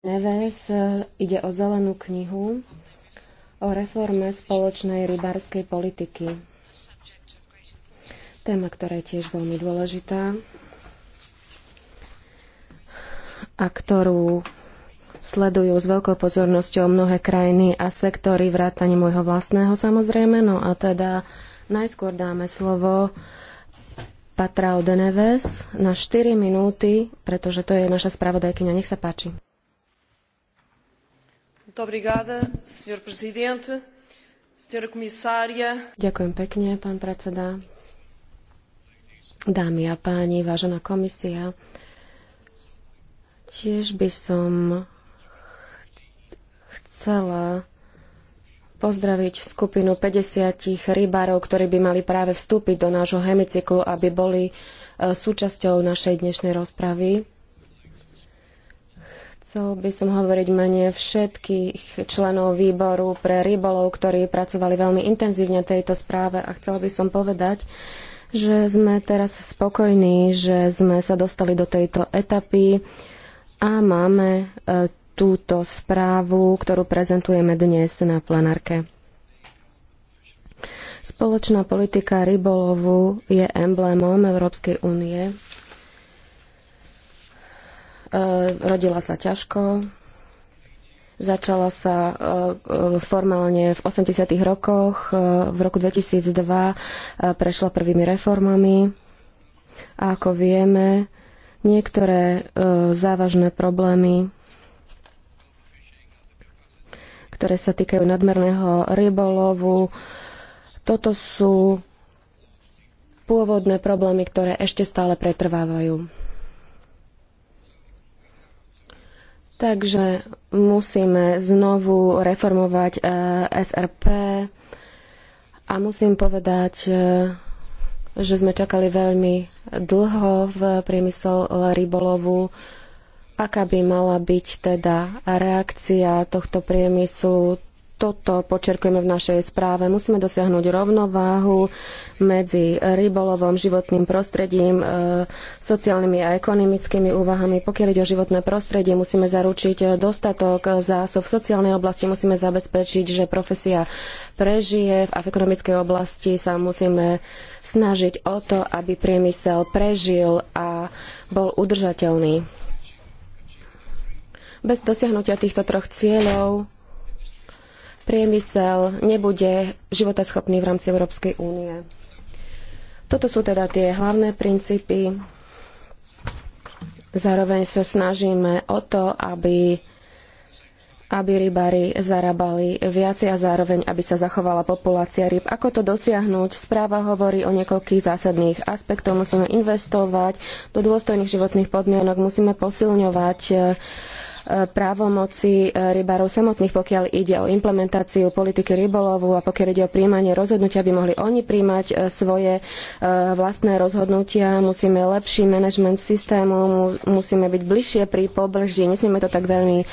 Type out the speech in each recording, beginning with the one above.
Neves e, ide o zelenú knihu o reforme spoločnej rybárskej politiky. Téma, ktorá je tiež veľmi dôležitá a ktorú sledujú s veľkou pozornosťou mnohé krajiny a sektory vrátane môjho vlastného samozrejme. No a teda najskôr dáme slovo Patrao Deneves na 4 minúty, pretože to je naša spravodajkyňa. Nech sa páči. Ďakujem pekne, pán predseda. Dámy a páni, vážená komisia, tiež by som chcela pozdraviť skupinu 50 rybárov, ktorí by mali práve vstúpiť do nášho hemicyklu, aby boli e, súčasťou našej dnešnej rozpravy. Chcel by som hovoriť mene všetkých členov výboru pre rybolov, ktorí pracovali veľmi intenzívne tejto správe a chcel by som povedať, že sme teraz spokojní, že sme sa dostali do tejto etapy a máme e, túto správu, ktorú prezentujeme dnes na plenárke. Spoločná politika rybolovu je emblémom Európskej únie E, rodila sa ťažko, začala sa e, e, formálne v 80. rokoch, v roku 2002 prešla prvými reformami a ako vieme, niektoré závažné problémy ktoré sa týkajú nadmerného rybolovu. Toto sú pôvodné problémy, ktoré ešte stále pretrvávajú. Takže musíme znovu reformovať e, SRP a musím povedať, e, že sme čakali veľmi dlho v priemysel rybolovu. Aká by mala byť teda reakcia tohto priemyslu? toto počerkujeme v našej správe. Musíme dosiahnuť rovnováhu medzi rybolovom, životným prostredím, e, sociálnymi a ekonomickými úvahami. Pokiaľ ide o životné prostredie, musíme zaručiť dostatok zásob v sociálnej oblasti, musíme zabezpečiť, že profesia prežije. V ekonomickej oblasti sa musíme snažiť o to, aby priemysel prežil a bol udržateľný. Bez dosiahnutia týchto troch cieľov priemysel nebude životaschopný v rámci Európskej únie. Toto sú teda tie hlavné princípy. Zároveň sa snažíme o to, aby aby rybári zarábali viacej a zároveň, aby sa zachovala populácia ryb. Ako to dosiahnuť? Správa hovorí o niekoľkých zásadných aspektoch. Musíme investovať do dôstojných životných podmienok, musíme posilňovať eh, právomoci e, rybárov samotných, pokiaľ ide o implementáciu politiky rybolovu a pokiaľ ide o príjmanie rozhodnutia, aby mohli oni príjmať e, svoje e, vlastné rozhodnutia. Musíme lepší manažment systému, musíme byť bližšie pri pobrží, nesmieme to tak veľmi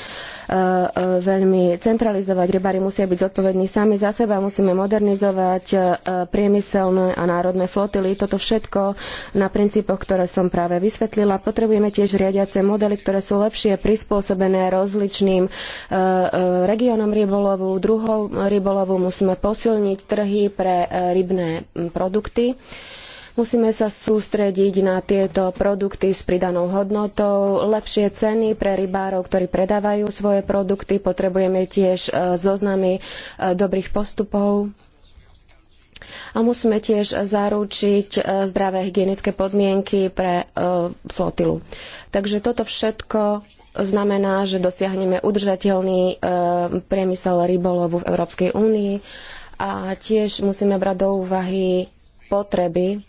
E, e, veľmi centralizovať. Rybári musia byť zodpovední sami za seba, musíme modernizovať e, priemyselné a národné flotily. Toto všetko na princípoch, ktoré som práve vysvetlila. Potrebujeme tiež riadiace modely, ktoré sú lepšie prispôsobené rozličným regiónom rybolovu, druhou rybolovu. Musíme posilniť trhy pre rybné produkty. Musíme sa sústrediť na tieto produkty s pridanou hodnotou, lepšie ceny pre rybárov, ktorí predávajú svoje produkty. Potrebujeme tiež e, zoznamy e, dobrých postupov. A musíme tiež zaručiť e, zdravé hygienické podmienky pre flotilu. Takže toto všetko znamená, že dosiahneme udržateľný priemysel rybolovu v Európskej únii a tiež musíme brať do úvahy potreby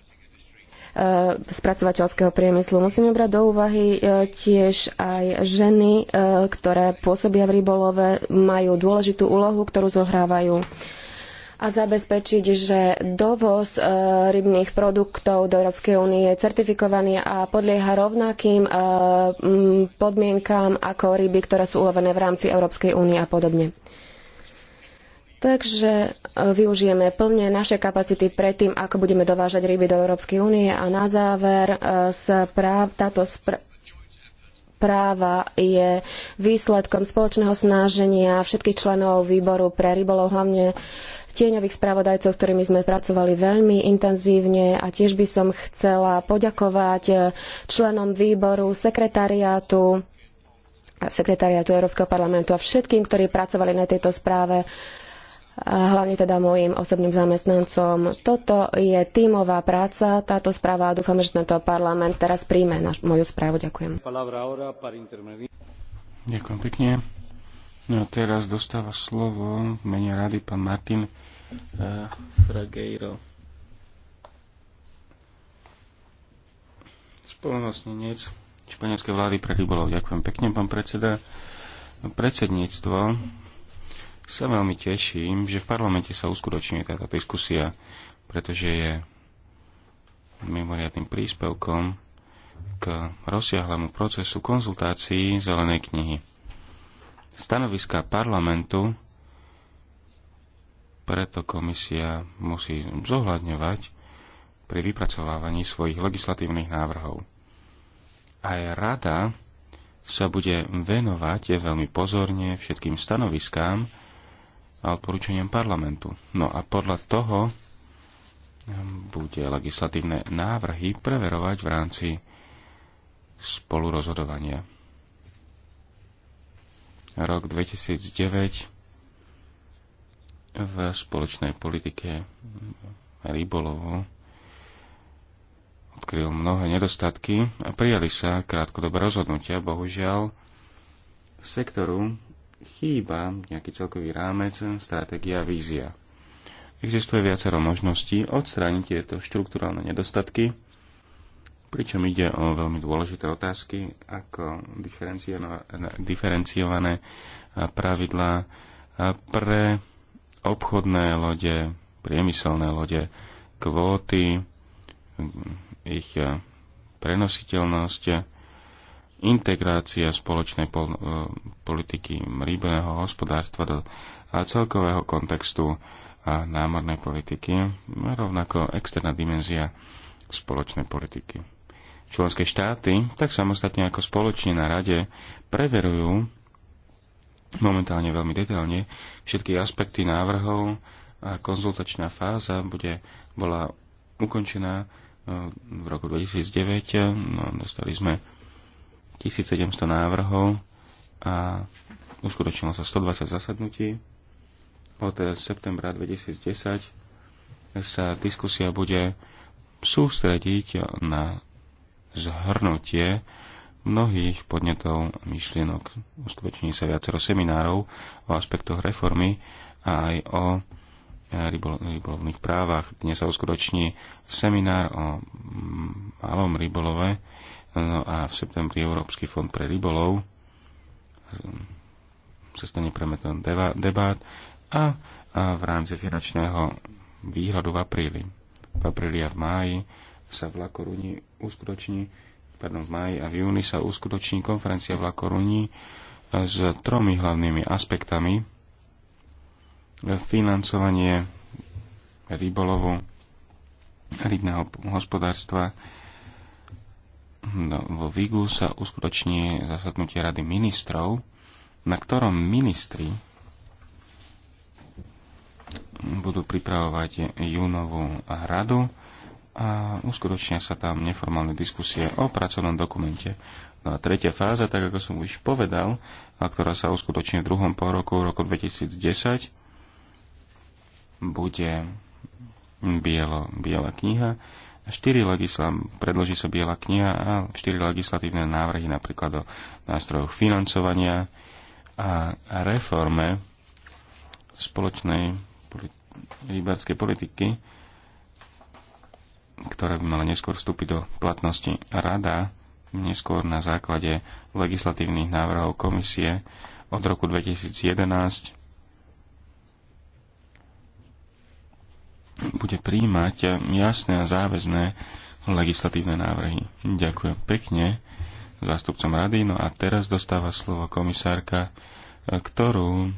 E, spracovateľského priemyslu. Musíme brať do úvahy e, tiež aj ženy, e, ktoré pôsobia v rybolove, majú dôležitú úlohu, ktorú zohrávajú a zabezpečiť, že dovoz rybných produktov do Európskej únie je certifikovaný a podlieha rovnakým podmienkám ako ryby, ktoré sú ulovené v rámci Európskej únie a podobne. Takže e, využijeme plne naše kapacity predtým, ako budeme dovážať ryby do Európskej únie a na záver e, správ, táto správa práva je výsledkom spoločného snaženia všetkých členov výboru pre rybolov, hlavne tieňových spravodajcov, s ktorými sme pracovali veľmi intenzívne a tiež by som chcela poďakovať e, členom výboru, sekretariátu, sekretariátu Európskeho parlamentu a všetkým, ktorí pracovali na tejto správe hlavne teda mojim osobným zamestnancom. Toto je tímová práca, táto správa a dúfam, že tento parlament teraz príjme naš, moju správu. Ďakujem. Ďakujem pekne. No a teraz dostáva slovo v mene rady pán Martin uh, eh, Frageiro. Spolomocnenec španielskej vlády pre rybolov. Ďakujem pekne, pán predseda. Predsedníctvo sa veľmi teším, že v parlamente sa uskutoční táto diskusia, pretože je mimoriadným príspevkom k rozsiahlému procesu konzultácií zelenej knihy. Stanoviska parlamentu preto komisia musí zohľadňovať pri vypracovávaní svojich legislatívnych návrhov. Aj rada sa bude venovať veľmi pozorne všetkým stanoviskám, a odporúčaniam parlamentu. No a podľa toho um, bude legislatívne návrhy preverovať v rámci spolurozhodovania. Rok 2009 v spoločnej politike rybolovu odkryl mnohé nedostatky a prijali sa krátkodobé rozhodnutia, bohužiaľ, sektoru chýba nejaký celkový rámec, stratégia, vízia. Existuje viacero možností odstrániť tieto štruktúrálne nedostatky, pričom ide o veľmi dôležité otázky, ako diferenciované pravidlá pre obchodné lode, priemyselné lode, kvóty, ich prenositeľnosť, integrácia spoločnej pol, e, politiky rýbeného hospodárstva do celkového kontextu námornej politiky, rovnako externá dimenzia spoločnej politiky. Členské štáty tak samostatne ako spoločne na rade preverujú momentálne veľmi detailne všetky aspekty návrhov a konzultačná fáza bude, bola ukončená e, v roku 2009. No, dostali sme 1700 návrhov a uskutočnilo sa 120 zasadnutí. Od septembra 2010 sa diskusia bude sústrediť na zhrnutie mnohých podnetov myšlienok. Uskutoční sa viacero seminárov o aspektoch reformy a aj o rybolovných právach. Dnes sa uskutoční seminár o malom rybolove No a v septembri Európsky fond pre rybolov ehm, sa stane premetom debát a, a v rámci finančného výhľadu v apríli. V apríli a v máji sa v Lakoruni uskutoční, pardon, v máji a v júni sa uskutoční konferencia v Lakoruni eh, s tromi hlavnými aspektami financovanie rybolovu, rybného hospodárstva, No, vo Vigu sa uskutoční zasadnutie Rady ministrov, na ktorom ministri budú pripravovať júnovú radu a uskutočnia sa tam neformálne diskusie o pracovnom dokumente. No a tretia fáza, tak ako som už povedal, a ktorá sa uskutoční v druhom pôroku roku 2010, bude bielo, biela kniha, štyri legisla- predloží sa biela kniha a štyri legislatívne návrhy napríklad o nástrojoch financovania a reforme spoločnej rybárskej politiky, ktorá by mala neskôr vstúpiť do platnosti rada, neskôr na základe legislatívnych návrhov komisie od roku 2011 bude príjmať jasné a záväzné legislatívne návrhy. Ďakujem pekne zástupcom rady. No a teraz dostáva slovo komisárka, ktorú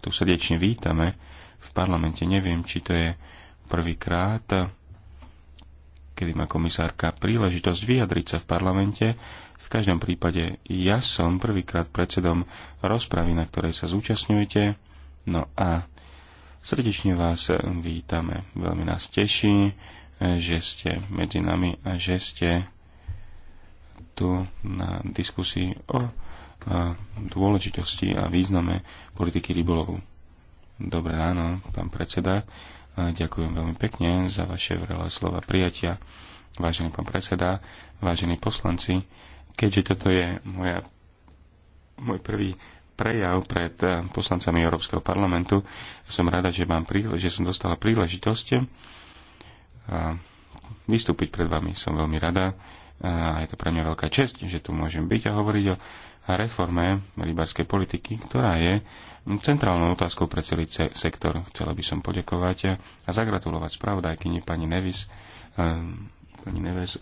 tu srdečne vítame v parlamente. Neviem, či to je prvýkrát, kedy má komisárka príležitosť vyjadriť sa v parlamente. V každom prípade ja som prvýkrát predsedom rozpravy, na ktorej sa zúčastňujete. No a Srdečne vás vítame. Veľmi nás teší, že ste medzi nami a že ste tu na diskusii o dôležitosti a význame politiky rybolovu. Dobré ráno, pán predseda. Ďakujem veľmi pekne za vaše vrelé slova prijatia. Vážený pán predseda, vážení poslanci, keďže toto je moja, môj prvý prejav pred eh, poslancami Európskeho parlamentu. Som rada, že, mám príle- že som dostala príležitosť eh, vystúpiť pred vami. Som veľmi rada eh, a je to pre mňa veľká čest, že tu môžem byť a hovoriť o reforme rybárskej politiky, ktorá je centrálnou otázkou pre celý ce- sektor. Chcela by som poďakovať a zagratulovať spravodajkyni pani Nevis, pani Neves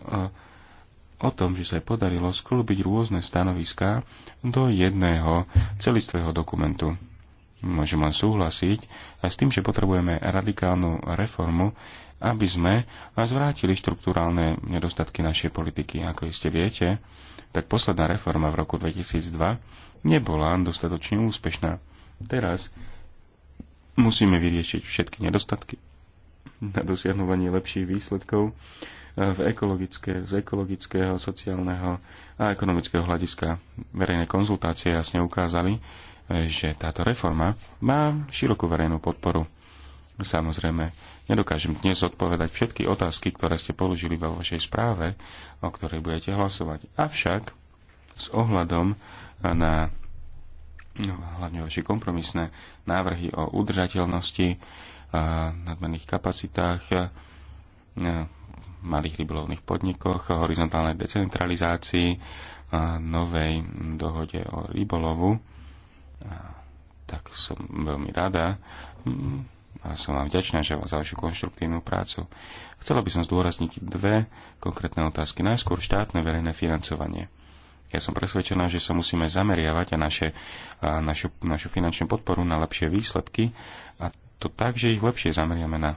o tom, že sa podarilo sklúbiť rôzne stanoviská do jedného celistvého dokumentu. Môžem len súhlasiť a s tým, že potrebujeme radikálnu reformu, aby sme zvrátili štruktúrálne nedostatky našej politiky. Ako iste viete, tak posledná reforma v roku 2002 nebola dostatočne úspešná. Teraz musíme vyriešiť všetky nedostatky na dosiahnutie lepších výsledkov v ekologické, z ekologického, sociálneho a ekonomického hľadiska. Verejné konzultácie jasne ukázali, že táto reforma má širokú verejnú podporu. Samozrejme, nedokážem dnes odpovedať všetky otázky, ktoré ste položili vo vašej správe, o ktorej budete hlasovať. Avšak s ohľadom na no, hlavne vaše kompromisné návrhy o udržateľnosti, a nadmerných kapacitách, a, malých rybolovných podnikoch, horizontálnej decentralizácii, novej dohode o rybolovu. Tak som veľmi rada mm, a som vám vďačná že za vašu konštruktívnu prácu. Chcela by som zdôrazniť dve konkrétne otázky. Najskôr štátne verejné financovanie. Ja som presvedčená, že sa musíme zameriavať a naše, a našu, našu finančnú podporu na lepšie výsledky a to tak, že ich lepšie zameriame na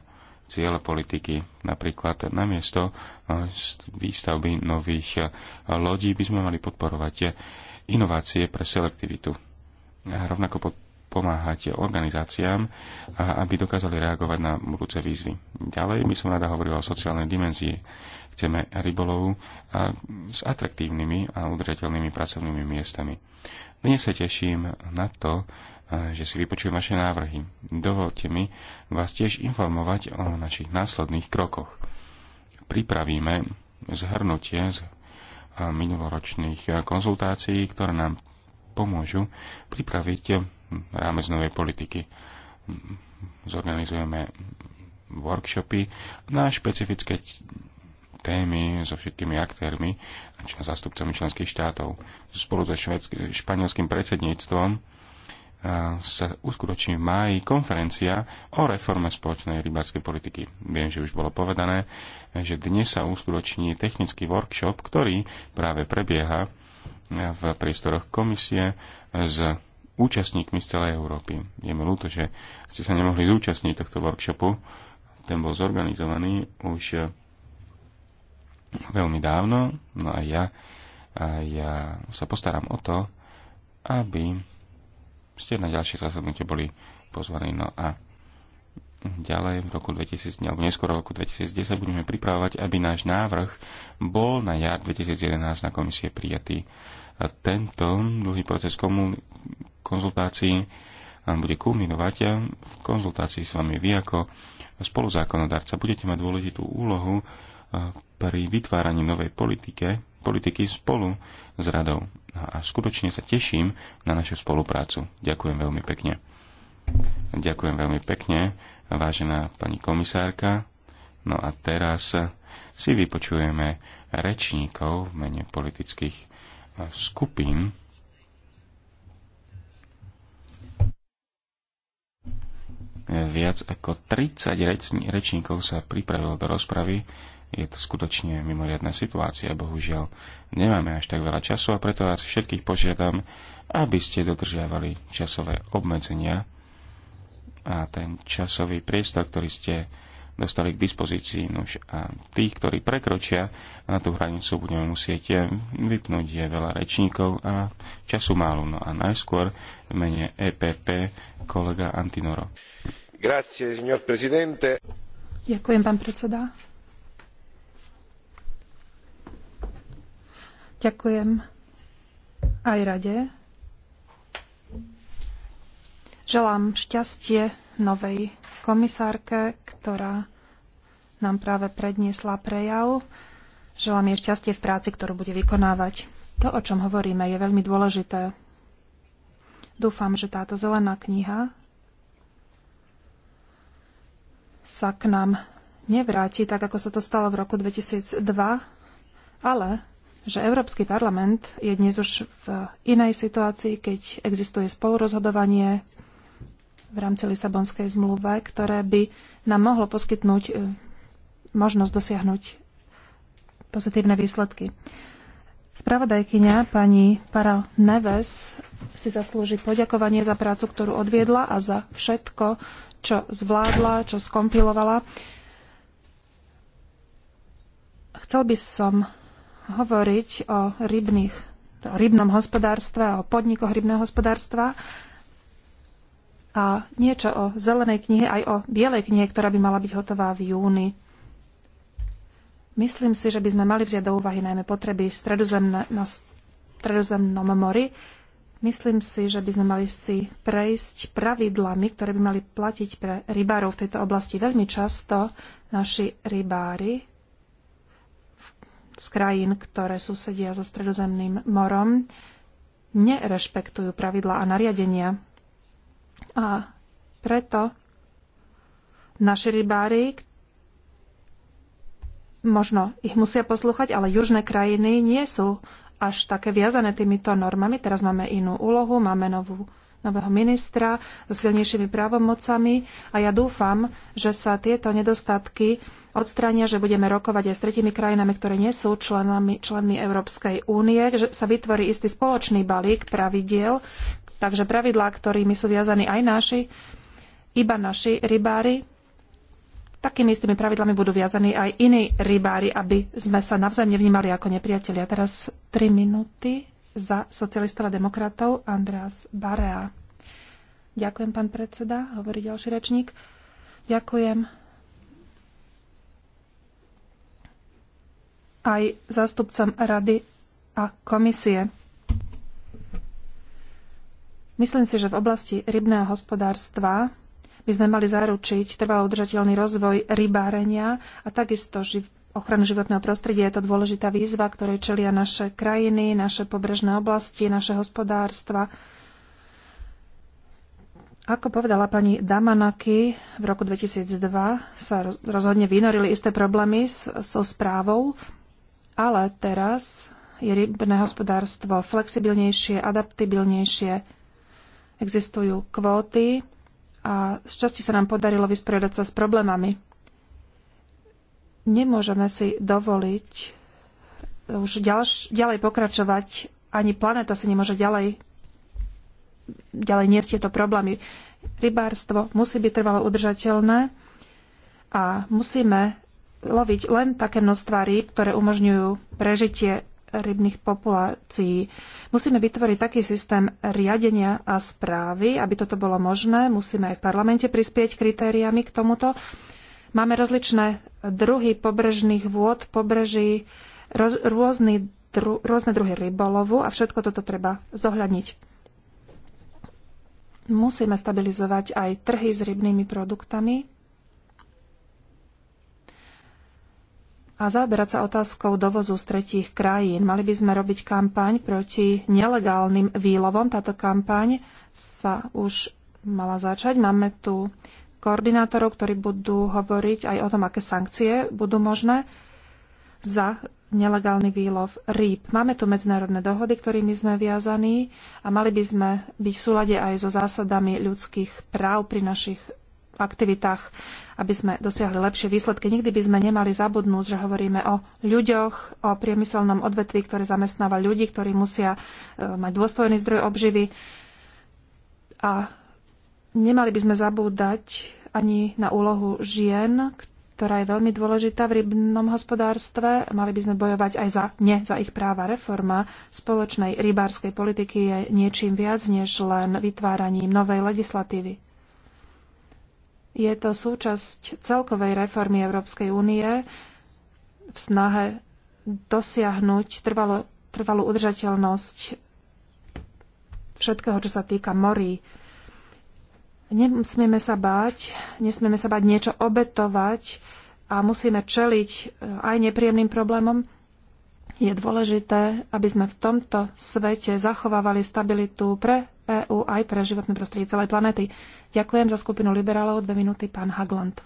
cieľ politiky. Napríklad namiesto eh, výstavby nových eh, lodí by sme mali podporovať eh, inovácie pre selektivitu. A rovnako pomáhať organizáciám, aby dokázali reagovať na budúce výzvy. Ďalej by som rada hovorila o sociálnej dimenzii. Chceme rybolovu s atraktívnymi a udržateľnými pracovnými miestami. Dnes sa teším na to, že si vypočujem vaše návrhy. Dovolte mi vás tiež informovať o našich následných krokoch. Pripravíme zhrnutie z e, minuloročných konzultácií, ktoré nám pomôžu pripraviť e, rámec novej politiky. Zorganizujeme workshopy na špecifické témy so všetkými aktérmi a zástupcami členských štátov. Spolu so španielským predsedníctvom sa uskutoční v máji konferencia o reforme spoločnej rybárskej politiky. Viem, že už bolo povedané, že dnes sa uskutoční technický workshop, ktorý práve prebieha v priestoroch komisie s účastníkmi z celej Európy. Je mi ľúto, že ste sa nemohli zúčastniť tohto workshopu. Ten bol zorganizovaný už veľmi dávno, no a ja, a ja sa postaram o to, aby ste na ďalšie zasadnutie boli pozvaní. No a ďalej v roku 2000, alebo neskôr v roku 2010 budeme pripravovať, aby náš návrh bol na jar 2011 na komisie prijatý. A tento dlhý proces konzultácií bude kulminovať a v konzultácii s vami vy ako spoluzákonodarca budete mať dôležitú úlohu pri vytváraní novej politike politiky spolu s radou. No a skutočne sa teším na našu spoluprácu. Ďakujem veľmi pekne. Ďakujem veľmi pekne, vážená pani komisárka. No a teraz si vypočujeme rečníkov v mene politických eh, skupín. Viac ako 30 rečníkov sa pripravilo do rozpravy je to skutočne mimoriadná situácia. Bohužiaľ, nemáme až tak veľa času a preto vás všetkých požiadam, aby ste dodržiavali časové obmedzenia a ten časový priestor, ktorý ste dostali k dispozícii. Nuž a tých, ktorí prekročia na tú hranicu, budeme musieť vypnúť je veľa rečníkov a času málo. No a najskôr v mene EPP kolega Antinoro. Grazie, signor presidente. Ďakujem, pán predseda. Ďakujem aj rade. Želám šťastie novej komisárke, ktorá nám práve predniesla prejav. Želám jej šťastie v práci, ktorú bude vykonávať. To, o čom hovoríme, je veľmi dôležité. Dúfam, že táto zelená kniha sa k nám nevráti, tak ako sa to stalo v roku 2002, ale že Európsky parlament je dnes už v inej situácii, keď existuje spolurozhodovanie v rámci Lisabonskej zmluve, ktoré by nám mohlo poskytnúť e, možnosť dosiahnuť pozitívne výsledky. Spravodajkyňa pani Para Neves si zaslúži poďakovanie za prácu, ktorú odviedla a za všetko, čo zvládla, čo skompilovala. Chcel by som hovoriť o rybných, o rybnom hospodárstve, o podnikoch rybného hospodárstva a niečo o zelenej knihe, aj o bielej knihe, ktorá by mala byť hotová v júni. Myslím si, že by sme mali vziať do úvahy najmä potreby na stredozemnom mori. Myslím si, že by sme mali si prejsť pravidlami, ktoré by mali platiť pre rybárov v tejto oblasti. Veľmi často naši rybári z krajín, ktoré susedia so stredozemným morom, nerešpektujú pravidlá a nariadenia. A preto naši rybári, možno ich musia poslúchať, ale južné krajiny nie sú až také viazané týmito normami. Teraz máme inú úlohu, máme novú, nového ministra so silnejšími právomocami a ja dúfam, že sa tieto nedostatky odstránia, že budeme rokovať aj s tretimi krajinami, ktoré nie sú členami, členmi Európskej únie, že sa vytvorí istý spoločný balík pravidiel, takže pravidlá, ktorými sú viazaní aj naši, iba naši rybári, takými istými pravidlami budú viazaní aj iní rybári, aby sme sa navzájom nevnímali ako nepriatelia. Teraz 3 minúty za socialistov a demokratov Andreas Barea. Ďakujem, pán predseda, hovorí ďalší rečník. Ďakujem aj zástupcom Rady a komisie. Myslím si, že v oblasti rybného hospodárstva by sme mali zaručiť trvalo udržateľný rozvoj rybárenia a takisto živ- ochranu životného prostredia. Je to dôležitá výzva, ktorej čelia naše krajiny, naše pobrežné oblasti, naše hospodárstva. Ako povedala pani Damanaki, v roku 2002 sa rozhodne vynorili isté problémy so správou ale teraz je rybné hospodárstvo flexibilnejšie, adaptibilnejšie, existujú kvóty a z časti sa nám podarilo vysporiadať sa s problémami. Nemôžeme si dovoliť už ďalš, ďalej pokračovať, ani planéta si nemôže ďalej, ďalej niesť tieto problémy. Rybárstvo musí byť trvalo udržateľné a musíme loviť len také množstva rýb, ktoré umožňujú prežitie rybných populácií. Musíme vytvoriť taký systém riadenia a správy, aby toto bolo možné. Musíme aj v parlamente prispieť kritériami k tomuto. Máme rozličné druhy pobrežných vôd, pobreží, roz, rôzny, dru, rôzne druhy rybolovu a všetko toto treba zohľadniť. Musíme stabilizovať aj trhy s rybnými produktami, a zaoberať sa otázkou dovozu z tretích krajín. Mali by sme robiť kampaň proti nelegálnym výlovom. Táto kampaň sa už mala začať. Máme tu koordinátorov, ktorí budú hovoriť aj o tom, aké sankcie budú možné za nelegálny výlov rýb. Máme tu medzinárodné dohody, ktorými sme viazaní a mali by sme byť v súlade aj so zásadami ľudských práv pri našich aktivitách, aby sme dosiahli lepšie výsledky. Nikdy by sme nemali zabudnúť, že hovoríme o ľuďoch, o priemyselnom odvetví, ktoré zamestnáva ľudí, ktorí musia e, mať dôstojný zdroj obživy. A nemali by sme zabúdať ani na úlohu žien, ktorá je veľmi dôležitá v rybnom hospodárstve. Mali by sme bojovať aj za ne, za ich práva. Reforma spoločnej rybárskej politiky je niečím viac než len vytváraním novej legislatívy. Je to súčasť celkovej reformy Európskej únie v snahe dosiahnuť trvalo, trvalú udržateľnosť všetkého, čo sa týka morí. Nesmieme sa báť, nesmieme sa báť niečo obetovať a musíme čeliť e, aj nepríjemným problémom. Je dôležité, aby sme v tomto svete zachovávali stabilitu pre EÚ aj pre životné prostredie celej planéty. Ďakujem za skupinu liberálov. Dve minúty, pán Hagland.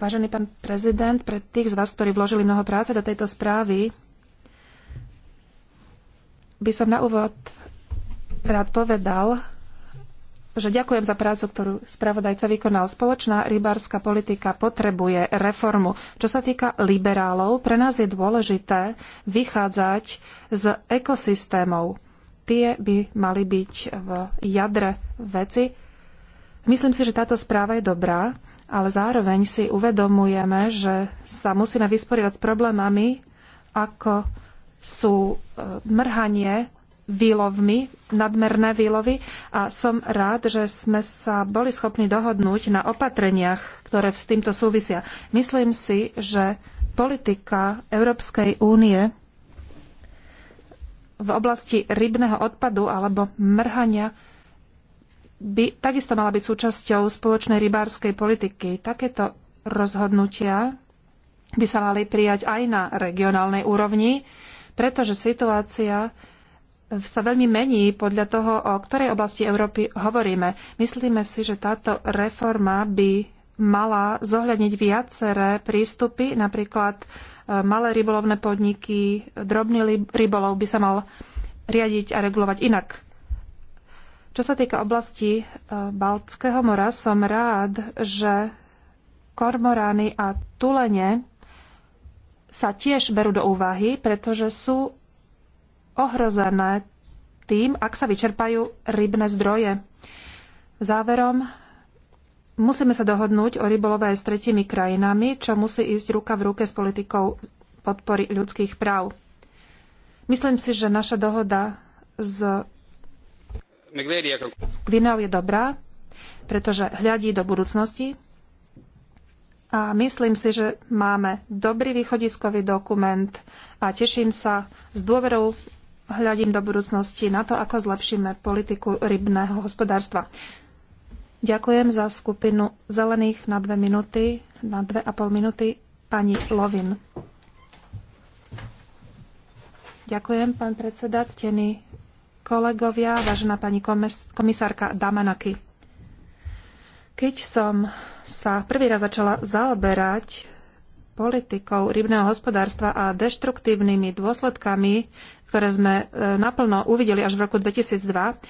Vážený pán prezident, pre tých z vás, ktorí vložili mnoho práce do tejto správy, by som na úvod rád povedal, že ďakujem za prácu, ktorú spravodajca vykonal. Spoločná rybárska politika potrebuje reformu. Čo sa týka liberálov, pre nás je dôležité vychádzať z ekosystémov. Tie by mali byť v jadre veci. Myslím si, že táto správa je dobrá, ale zároveň si uvedomujeme, že sa musíme vysporiadať s problémami, ako sú e, mrhanie výlovmi, nadmerné výlovy a som rád, že sme sa boli schopní dohodnúť na opatreniach, ktoré s týmto súvisia. Myslím si, že politika Európskej únie v oblasti rybného odpadu alebo mrhania by takisto mala byť súčasťou spoločnej rybárskej politiky. Takéto rozhodnutia by sa mali prijať aj na regionálnej úrovni, pretože situácia sa veľmi mení podľa toho, o ktorej oblasti Európy hovoríme. Myslíme si, že táto reforma by mala zohľadniť viaceré prístupy, napríklad e, malé rybolovné podniky, drobný rybolov by sa mal riadiť a regulovať inak. Čo sa týka oblasti e, Baltského mora, som rád, že kormorány a tulene sa tiež berú do úvahy, pretože sú ohrozené tým, ak sa vyčerpajú rybné zdroje. Záverom, musíme sa dohodnúť o rybolove aj s tretími krajinami, čo musí ísť ruka v ruke s politikou podpory ľudských práv. Myslím si, že naša dohoda s, s je dobrá, pretože hľadí do budúcnosti a myslím si, že máme dobrý východiskový dokument a teším sa s dôverou hľadím do budúcnosti na to, ako zlepšíme politiku rybného hospodárstva. Ďakujem za skupinu zelených na dve minúty, na dve a pol minúty pani Lovin. Ďakujem, pán predseda, ctení kolegovia, vážená pani komisárka Damanaki. Keď som sa prvý raz začala zaoberať politikou rybného hospodárstva a deštruktívnymi dôsledkami, ktoré sme e, naplno uvideli až v roku 2002.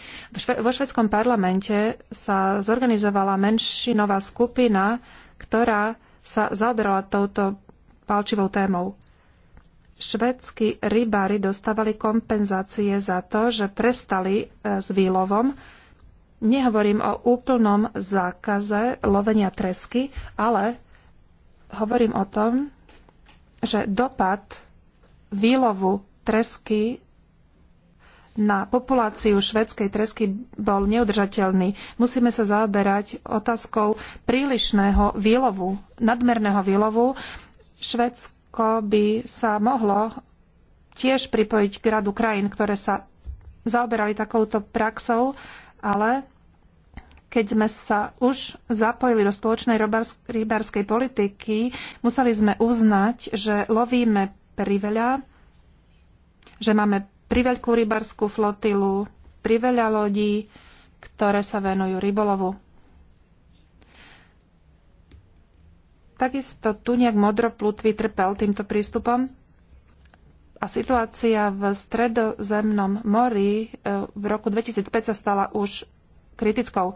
Vo švedskom parlamente sa zorganizovala menšinová skupina, ktorá sa zaoberala touto palčivou témou. Švedskí rybári dostávali kompenzácie za to, že prestali e, s výlovom. Nehovorím o úplnom zákaze lovenia tresky, ale hovorím o tom, že dopad výlovu tresky na populáciu švedskej tresky bol neudržateľný. Musíme sa zaoberať otázkou prílišného výlovu, nadmerného výlovu. Švedsko by sa mohlo tiež pripojiť k radu krajín, ktoré sa zaoberali takouto praxou, ale keď sme sa už zapojili do spoločnej rybárskej politiky, museli sme uznať, že lovíme priveľa, že máme priveľkú rybárskú flotilu, priveľa lodí, ktoré sa venujú rybolovu. Takisto tu nejak modroplutvý trpel týmto prístupom a situácia v stredozemnom mori e, v roku 2005 sa stala už kritickou.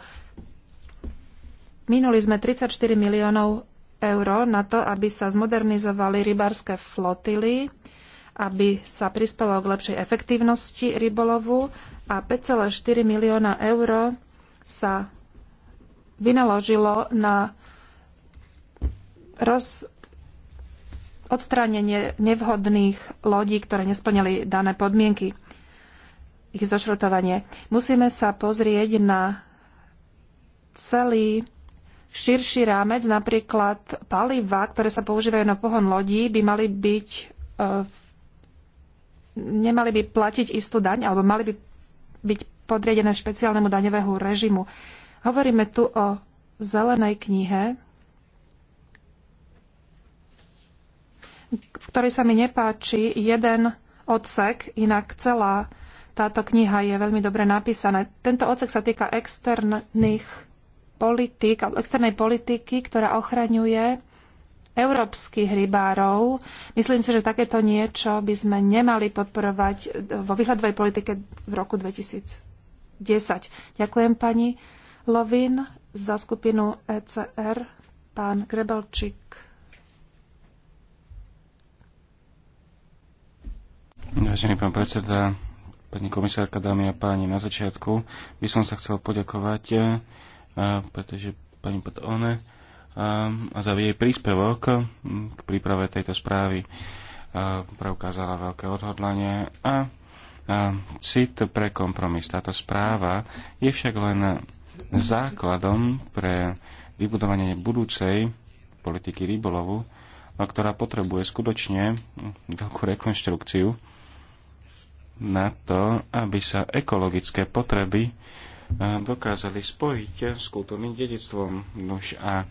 Minuli sme 34 miliónov eur na to, aby sa zmodernizovali rybárske flotily, aby sa prispelo k lepšej efektívnosti rybolovu a 5,4 milióna eur sa vynaložilo na roz, odstránenie nevhodných lodí, ktoré nesplňali dané podmienky, ich zošrotovanie. Musíme sa pozrieť na celý širší rámec, napríklad paliva, ktoré sa používajú na pohon lodí, by mali byť e, nemali by platiť istú daň, alebo mali by byť podriadené špeciálnemu daňovému režimu. Hovoríme tu o zelenej knihe, v ktorej sa mi nepáči jeden odsek, inak celá táto kniha je veľmi dobre napísaná. Tento odsek sa týka externých politik, externej politiky, ktorá ochraňuje európskych rybárov. Myslím si, že takéto niečo by sme nemali podporovať vo výhľadovej politike v roku 2010. Ďakujem pani Lovin za skupinu ECR, pán Grebelčík. Vážený pán predseda, pani komisárka, dámy a páni, na začiatku by som sa chcel poďakovať a, pretože pani Patone a, um, a za jej príspevok k príprave tejto správy a, uh, preukázala veľké odhodlanie a, a cit pre kompromis. Táto správa je však len základom pre vybudovanie budúcej politiky rybolovu, ktorá potrebuje skutočne veľkú rekonštrukciu na to, aby sa ekologické potreby dokázali spojiť s kultúrnym dedictvom. Nož a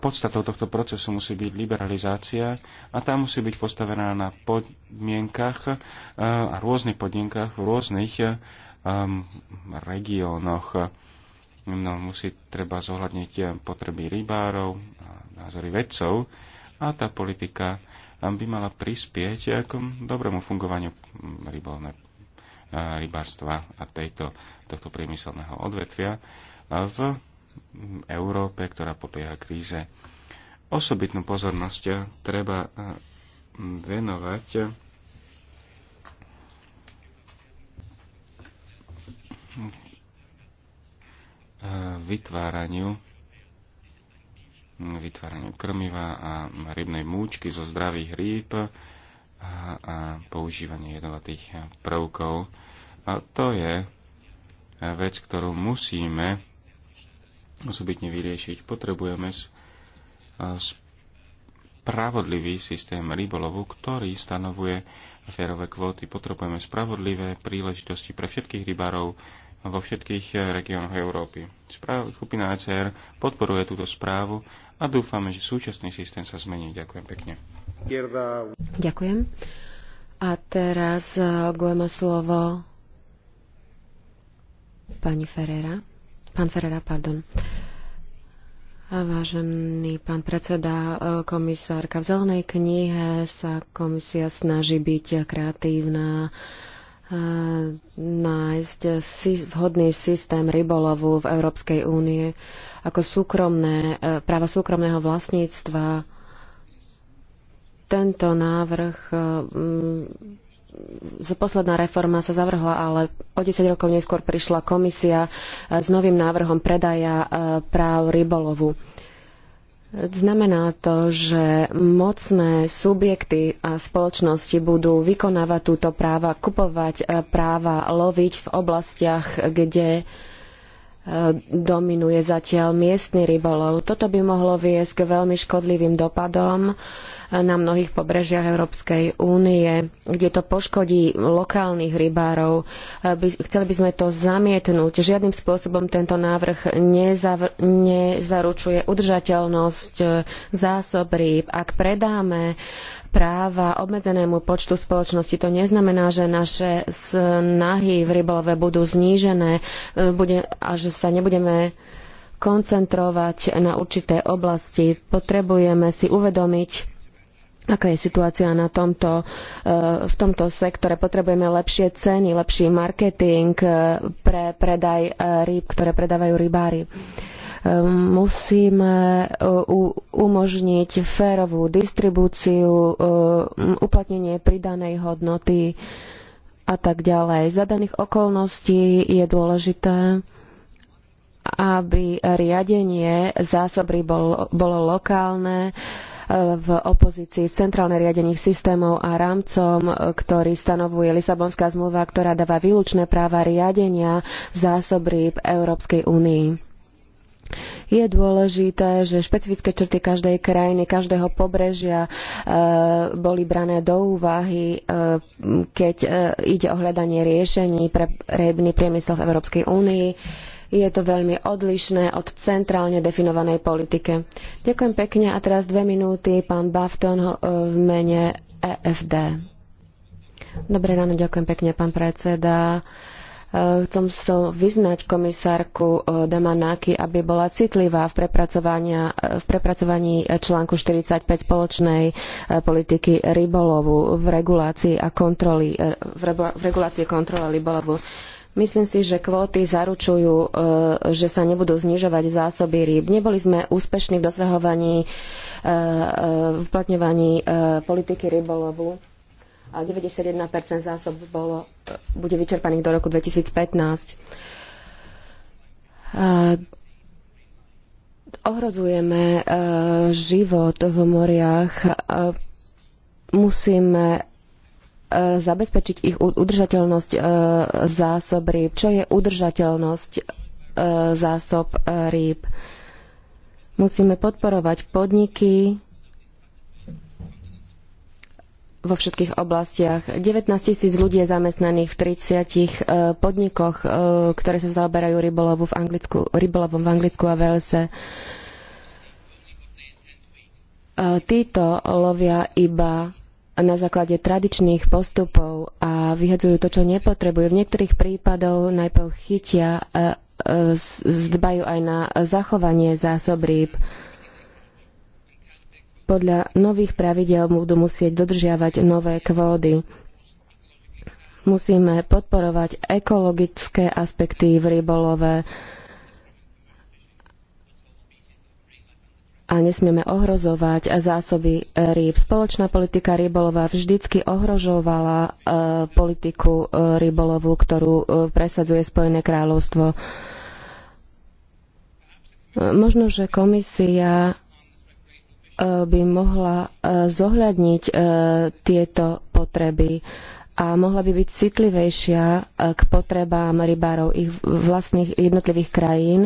podstatou tohto procesu musí byť liberalizácia a tá musí byť postavená na podmienkach a rôznych podmienkach v rôznych regiónoch. No, musí treba zohľadniť potreby rybárov a názory vedcov a tá politika by mala prispieť k dobrému fungovaniu rybolovnej rybárstva a tejto, tohto priemyselného odvetvia v Európe, ktorá podlieha kríze. Osobitnú pozornosť treba eh, venovať eh, vytváraniu vytváraniu krmiva a rybnej múčky zo zdravých rýb a, a používanie jednovatých prvkov a to je eh, vec, ktorú musíme osobitne vyriešiť. Potrebujeme eh, spravodlivý systém rybolovu, ktorý stanovuje férové kvóty. Potrebujeme spravodlivé príležitosti pre všetkých rybárov vo všetkých eh, regiónoch Európy. Skupina ECR podporuje túto správu a dúfame, že súčasný systém sa zmení. Ďakujem pekne. Ďakujem. A teraz gojme slovo Pani Ferrera. Pán Ferrera, pardon. Vážený pán predseda, e, komisárka, v zelenej knihe sa komisia snaží byť kreatívna, e, nájsť vhodný systém rybolovu v Európskej únie ako súkromné, e, práva súkromného vlastníctva. Tento návrh posledná reforma sa zavrhla, ale o 10 rokov neskôr prišla komisia e, s novým návrhom predaja e, práv rybolovu. Znamená to, že mocné subjekty a spoločnosti budú vykonávať túto práva, kupovať e, práva, loviť v oblastiach, kde dominuje zatiaľ miestny rybolov. Toto by mohlo viesť k veľmi škodlivým dopadom na mnohých pobrežiach Európskej únie, kde to poškodí lokálnych rybárov. Chceli by sme to zamietnúť. Žiadnym spôsobom tento návrh nezaručuje udržateľnosť zásob rýb. Ak predáme práva obmedzenému počtu spoločnosti. To neznamená, že naše snahy v rybolove budú znížené e, bude, a že sa nebudeme koncentrovať na určité oblasti. Potrebujeme si uvedomiť, aká je situácia na tomto, e, v tomto sektore. Potrebujeme lepšie ceny, lepší marketing e, pre predaj rýb, ktoré predávajú rybári. Musíme e, umožniť férovú distribúciu, e, uplatnenie pridanej hodnoty a tak ďalej. Za daných okolností je dôležité, aby riadenie zásobry bol, bolo lokálne e, v opozícii s centrálne riadených systémov a rámcom, ktorý stanovuje Lisabonská zmluva, ktorá dáva výlučné práva riadenia zásob rýb Európskej únii je dôležité, že špecifické črty každej krajiny, každého pobrežia e, boli brané do úvahy, e, keď e, ide o hľadanie riešení pre rybný priemysel v Európskej únii. Je to veľmi odlišné od centrálne definovanej politike. Ďakujem pekne a teraz dve minúty pán Bafton v mene EFD. Dobré ráno, ďakujem pekne, pán predseda. Eh, chcem som vyznať komisárku eh, Damanáky, aby bola citlivá v, eh, v prepracovaní článku 45 spoločnej politiky rybolovu v regulácii a kontroly, v regulácii kontrole rybolovu. Myslím si, že kvóty zaručujú, že sa nebudú znižovať zásoby rýb. Neboli sme úspešní v dosahovaní, v uplatňovaní politiky rybolovu 91% zásob bolo, e, bude vyčerpaných do roku 2015. E, ohrozujeme e, život v moriach. Musíme zabezpečiť ich udržateľnosť zásob rýb. Čo je udržateľnosť zásob rýb? Musíme podporovať podniky, vo všetkých oblastiach. 19 tisíc ľudí je zamestnaných v 30 e, podnikoch, e, ktoré sa zaoberajú rybolovom v Anglicku, rybolovom v Anglicku a Velse. E, títo lovia iba na základe tradičných postupov a vyhadzujú to, čo nepotrebujú. V niektorých prípadoch najprv chytia, zdbajú aj na zachovanie zásob rýb podľa nových pravidel budú musieť dodržiavať nové kvódy. Musíme podporovať ekologické aspekty v rybolove a nesmieme ohrozovať zásoby rýb. Spoločná politika rybolova vždycky ohrožovala e, politiku e, rybolovu, ktorú e, presadzuje Spojené kráľovstvo. Možno, že komisia E, by mohla e, zohľadniť e, tieto potreby a mohla by byť citlivejšia k potrebám rybárov ich vlastných jednotlivých krajín.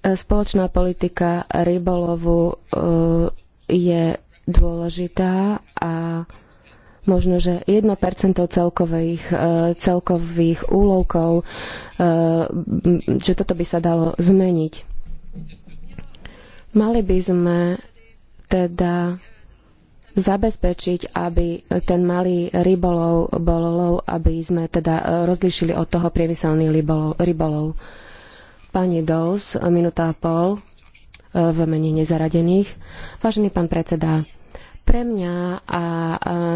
Spoločná politika rybolovu je dôležitá a možno, že 1% celkových, celkových úlovkov, že toto by sa dalo zmeniť. Mali by sme teda zabezpečiť, aby ten malý rybolov, bololov, aby sme teda e, rozlišili od toho priemyselný rybolov. rybolov. Pani Dous, minúta a pol e, v mene nezaradených. Vážený pán predseda, pre mňa a,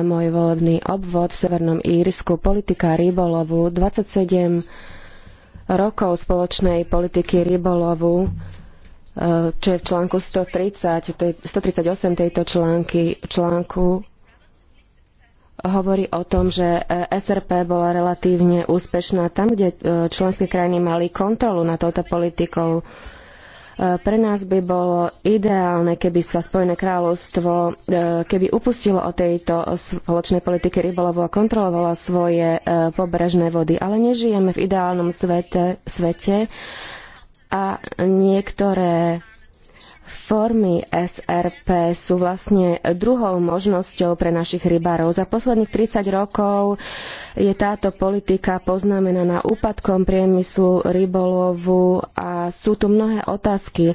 môj volebný obvod v Severnom Írsku politika rybolovu 27 rokov spoločnej politiky rybolovu čo je v článku 130, 138 tejto články, článku hovorí o tom, že e, SRP bola relatívne úspešná tam, kde e, členské krajiny mali kontrolu nad touto politikou. E, pre nás by bolo ideálne, keby sa Spojené kráľovstvo, keby upustilo od tejto spoločnej politiky rybolovu a kontrolovalo svoje pobrežné vody. Ale nežijeme v ideálnom svete, svete a niektoré formy SRP sú vlastne druhou možnosťou pre našich rybárov. Za posledných 30 rokov je táto politika poznamenaná úpadkom priemyslu rybolovu a sú tu mnohé otázky, e,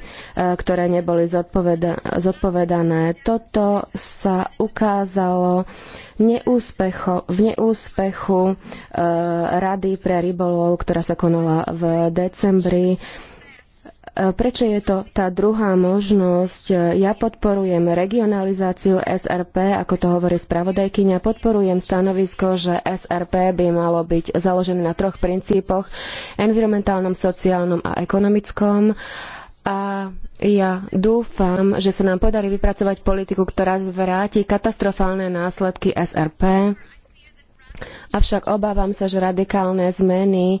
ktoré neboli zodpoveda zodpovedané. Toto sa ukázalo neúspecho, v neúspechu e, Rady pre rybolov, ktorá sa konala v decembri E, prečo je to tá druhá možnosť? E, ja podporujem regionalizáciu SRP, ako to hovorí spravodajkyňa. Podporujem stanovisko, že SRP by malo byť založené na troch princípoch, environmentálnom, sociálnom a ekonomickom. A ja dúfam, že sa nám podarí vypracovať politiku, ktorá zvráti katastrofálne následky SRP. Avšak obávam sa, že radikálne zmeny uh,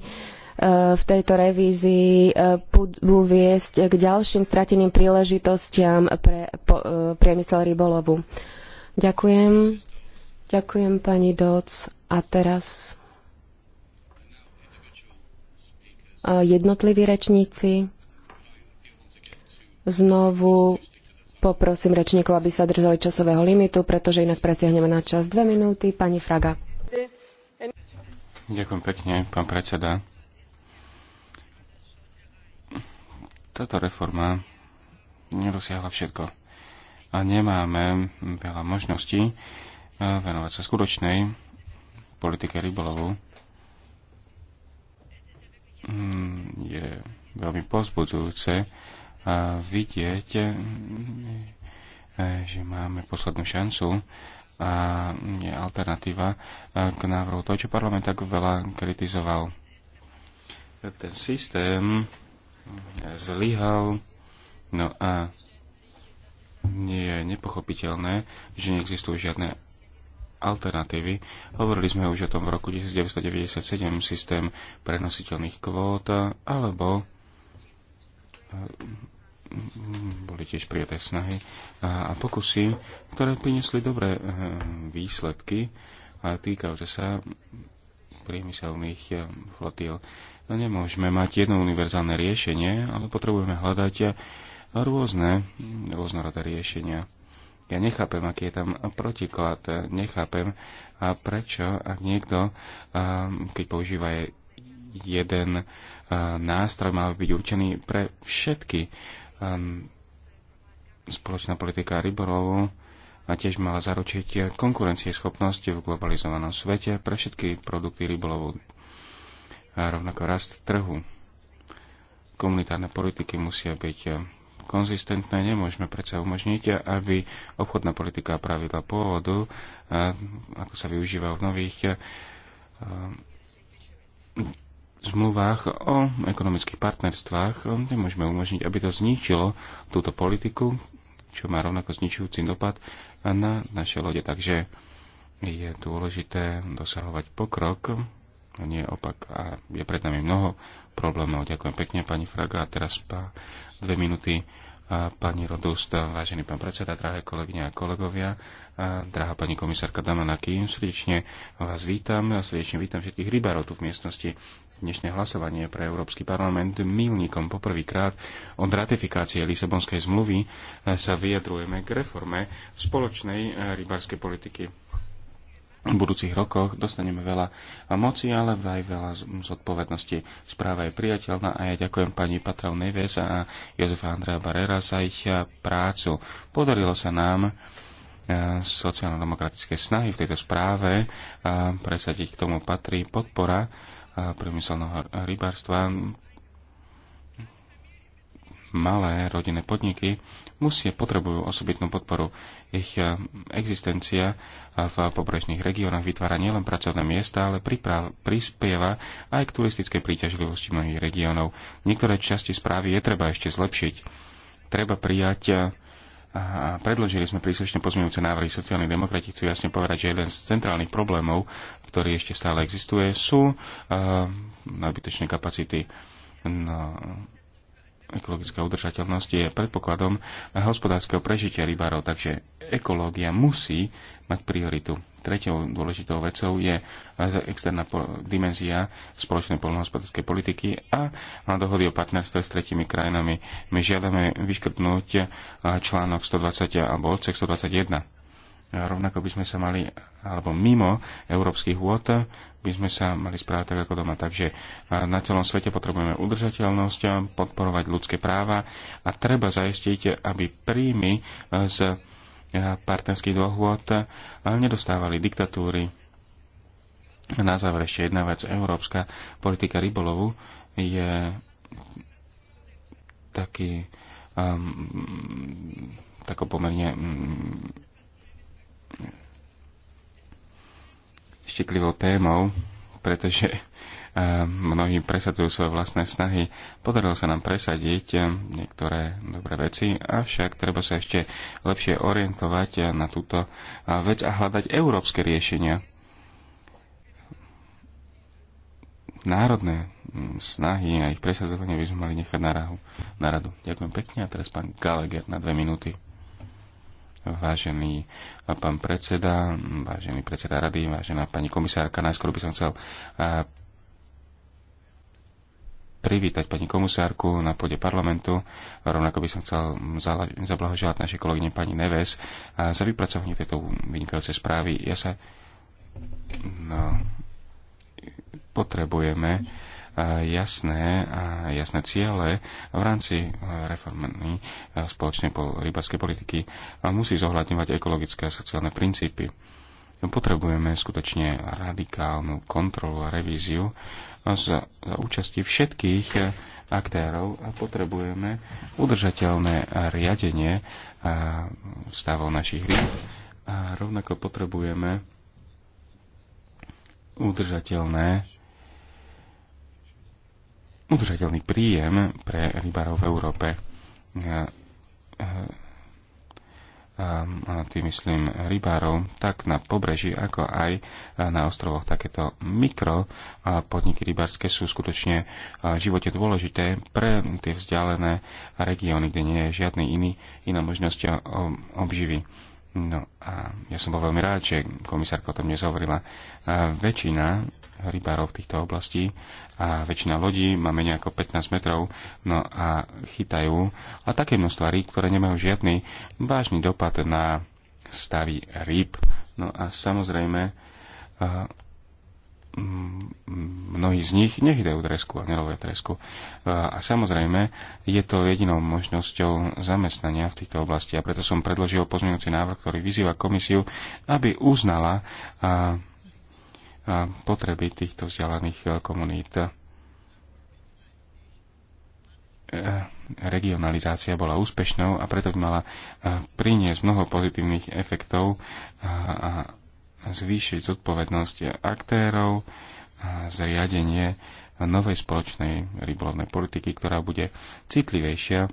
E, v tejto revízii e, budú viesť k ďalším strateným príležitostiam pre e, priemysel rybolovu. Ďakujem. Ďakujem pani Doc. A teraz jednotliví rečníci. Znovu poprosím rečníkov, aby sa držali časového limitu, pretože inak presiahneme na čas dve minúty. Pani Fraga. Ďakujem pekne, pán predseda. Táto reforma nedosiahla všetko. A nemáme veľa možností eh, venovať sa skutočnej politike rybolovu. Mm, je veľmi pozbudzujúce eh, vidieť, eh, že máme poslednú šancu a je alternatíva k návrhu toho, čo parlament tak veľa kritizoval. Ten systém zlyhal. No a nie je nepochopiteľné, že neexistujú žiadne alternatívy. Hovorili sme už o tom v roku 1997 systém prenositeľných kvót, alebo eh, boli tiež prijaté snahy a, a pokusy, ktoré priniesli dobré eh, výsledky a týkajúce sa priemyselných eh, flotil. No nemôžeme mať jedno univerzálne riešenie, ale potrebujeme hľadať rôzne, rôznorodé riešenia. Ja nechápem, aký je tam protiklad, nechápem, a prečo, ak niekto, keď používa jeden nástroj, má byť určený pre všetky. Spoločná politika rybolovu a tiež mala zaručiť konkurencieschopnosť v globalizovanom svete pre všetky produkty rybolovu a rovnako rast trhu. Komunitárne politiky musia byť eh, konzistentné. Nemôžeme predsa umožniť, aby obchodná politika a pravidla pôvodu, eh, ako sa využíva v nových eh, zmluvách o ekonomických partnerstvách, nemôžeme umožniť, aby to zničilo túto politiku, čo má rovnako zničujúci dopad na naše lode. Takže je dôležité dosahovať pokrok No nie opak. A je pred nami mnoho problémov. Ďakujem pekne, pani Fraga. A teraz pa dve minúty a pani Rodust, vážený pán predseda, drahé kolegyne a kolegovia, a drahá pani komisárka Damana Kým, srdečne vás vítam, a srdečne vítam všetkých rybárov tu v miestnosti. Dnešné hlasovanie pre Európsky parlament milníkom poprvýkrát od ratifikácie Lisabonskej zmluvy sa vyjadrujeme k reforme spoločnej rybárskej politiky v budúcich rokoch dostaneme veľa moci, ale aj veľa zodpovednosti. Správa je priateľná a ja ďakujem pani Patrau Neves a Jozefa Andrea Barrera za ich eh, prácu. Podarilo sa nám eh, sociálno-demokratické snahy v tejto správe eh, presadiť k tomu patrí podpora priemyselného rybárstva, malé rodinné podniky musie potrebujú osobitnú podporu. Ich eh, existencia eh, v pobrežných regiónoch vytvára nielen pracovné miesta, ale prispieva aj k turistickej príťažlivosti mnohých regiónov. Niektoré časti správy je treba ešte zlepšiť. Treba prijať eh, a predložili sme príslušne pozmeňujúce návrhy sociálnych demokrati. Chcú jasne povedať, že jeden z centrálnych problémov, ktorý ešte stále existuje, sú uh, nadbytočné kapacity. No, ekologická udržateľnosť je predpokladom hospodárskeho prežitia rybárov, takže ekológia musí mať prioritu. Tretou dôležitou vecou je externá dimenzia spoločnej poľnohospodárskej politiky a dohody o partnerstve s tretimi krajinami. My žiadame vyškrtnúť eh, článok 120 alebo odsek 121. A rovnako by sme sa mali, alebo mimo európskych vôd, by sme sa mali správať tak ako doma. Takže na celom svete potrebujeme udržateľnosť, podporovať ľudské práva a treba zaistiť, aby príjmy z partnerských dohôd nedostávali diktatúry. Na záver ešte jedna vec. Európska politika rybolovu je taký um, tako pomerne um, štiklivou témou, pretože eh, mnohí presadzujú svoje vlastné snahy. Podarilo sa nám presadiť eh, niektoré dobré veci, avšak treba sa ešte lepšie orientovať eh, na túto vec a hľadať európske riešenia. Národné hm, snahy a ich presadzovanie by sme mali nechať na, rahu, na radu. Ďakujem pekne a teraz pán Gallagher na dve minúty. Vážený pán predseda, vážený predseda rady, vážená pani komisárka, najskôr by som chcel privítať pani komisárku na pôde parlamentu. Rovnako by som chcel zablahoželať našej kolegyne pani Neves za vypracovanie tejto vynikajúcej správy. Ja sa no, potrebujeme jasné, a jasné ciele v rámci e, reformy e, spoločnej rybárskej politiky musí zohľadňovať ekologické a sociálne princípy. Potrebujeme skutočne radikálnu kontrolu a revíziu za, za účasti všetkých e, aktérov a potrebujeme udržateľné riadenie stavov našich rýb a rovnako potrebujeme udržateľné udržateľný príjem pre rybárov v Európe. A, a, a tým myslím rybárov, tak na pobreží, ako aj na ostrovoch. Takéto mikro eh, podniky rybárske sú skutočne eh, v živote dôležité pre tie vzdialené regióny, kde nie je žiadny iný, iná možnosť eh, obživy. No a ja som bol veľmi rád, že komisárka o tom dnes Väčšina rybárov v týchto oblastí a väčšina lodí má menej ako 15 metrov no a chytajú a také množstva rýb, ktoré nemajú žiadny vážny dopad na stavy rýb. No a samozrejme mnohí z nich nechytajú tresku a nerovia tresku. A samozrejme, je to jedinou možnosťou zamestnania v týchto oblasti. A preto som predložil pozmeňujúci návrh, ktorý vyzýva komisiu, aby uznala potreby týchto vzdialených eh, komunít. Eh, regionalizácia bola úspešnou a preto by mala eh, priniesť mnoho pozitívnych efektov a zvýšiť zodpovednosť aktérov a zriadenie novej spoločnej rybolovnej politiky, ktorá bude citlivejšia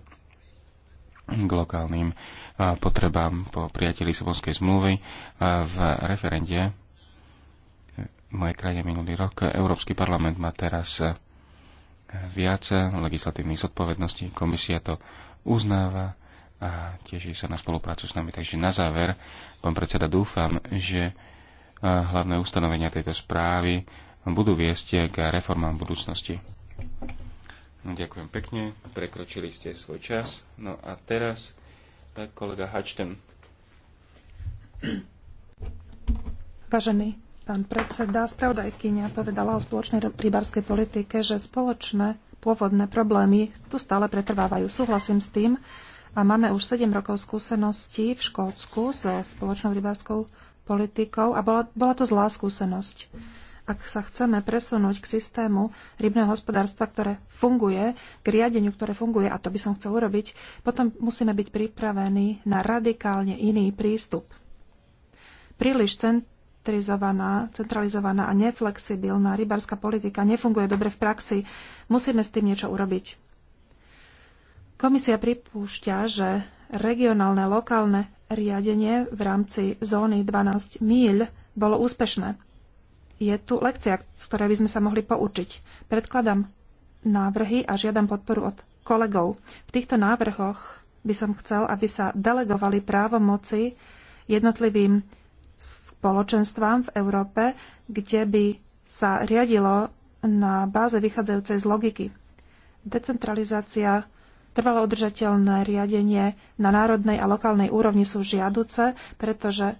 k lokálnym potrebám po prijatí Lisabonskej zmluvy v referende mojej krajine minulý rok. Európsky parlament má teraz eh, viac eh, legislatívnych zodpovedností. Komisia to uznáva a teší sa na spoluprácu s nami. Takže na záver, pán predseda, dúfam, že eh, hlavné ustanovenia tejto správy budú viesť k reformám budúcnosti. Ďakujem pekne, prekročili ste svoj čas. No a teraz kolega Hačten. Vážený Pán predseda, spravodajkynia povedala o spoločnej rybárskej politike, že spoločné pôvodné problémy tu stále pretrvávajú. Súhlasím s tým a máme už 7 rokov skúseností v Škótsku so spoločnou rybárskou politikou a bola, bola to zlá skúsenosť. Ak sa chceme presunúť k systému rybného hospodárstva, ktoré funguje, k riadeniu, ktoré funguje, a to by som chcel urobiť, potom musíme byť pripravení na radikálne iný prístup. Príliš cent- centralizovaná, centralizovaná a neflexibilná rybárska politika nefunguje dobre v praxi. Musíme s tým niečo urobiť. Komisia pripúšťa, že regionálne lokálne riadenie v rámci zóny 12 míľ bolo úspešné. Je tu lekcia, z ktorej by sme sa mohli poučiť. Predkladám návrhy a žiadam podporu od kolegov. V týchto návrhoch by som chcel, aby sa delegovali právomoci jednotlivým spoločenstvám v Európe, kde by sa riadilo na báze vychádzajúcej z logiky. Decentralizácia, trvalo udržateľné riadenie na národnej a lokálnej úrovni sú žiaduce, pretože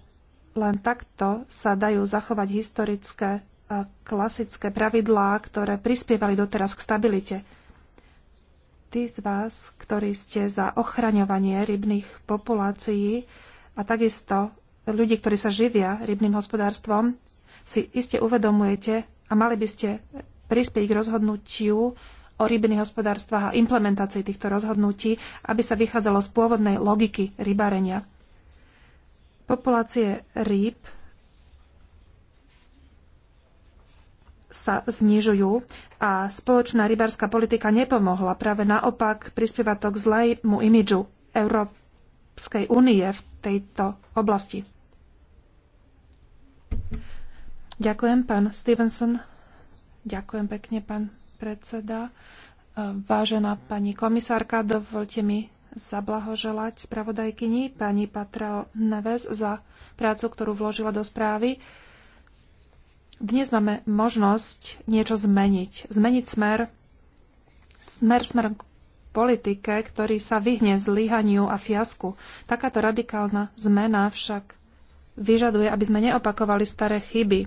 len takto sa dajú zachovať historické a klasické pravidlá, ktoré prispievali doteraz k stabilite. Tí z vás, ktorí ste za ochraňovanie rybných populácií a takisto ľudí, ktorí sa živia rybným hospodárstvom, si iste uvedomujete a mali by ste prispieť k rozhodnutiu o rybných hospodárstvách a implementácii týchto rozhodnutí, aby sa vychádzalo z pôvodnej logiky rybárenia. Populácie rýb sa znižujú a spoločná rybárska politika nepomohla. Práve naopak prispieva to k zlému imidžu Európskej únie v tejto oblasti. Ďakujem, pán Stevenson. Ďakujem pekne, pán predseda. E, vážená pani komisárka, dovolte mi zablahoželať spravodajkyni pani Patreo Neves za prácu, ktorú vložila do správy. Dnes máme možnosť niečo zmeniť. Zmeniť smer, smer smerom k politike, ktorý sa vyhne zlyhaniu a fiasku. Takáto radikálna zmena však vyžaduje, aby sme neopakovali staré chyby.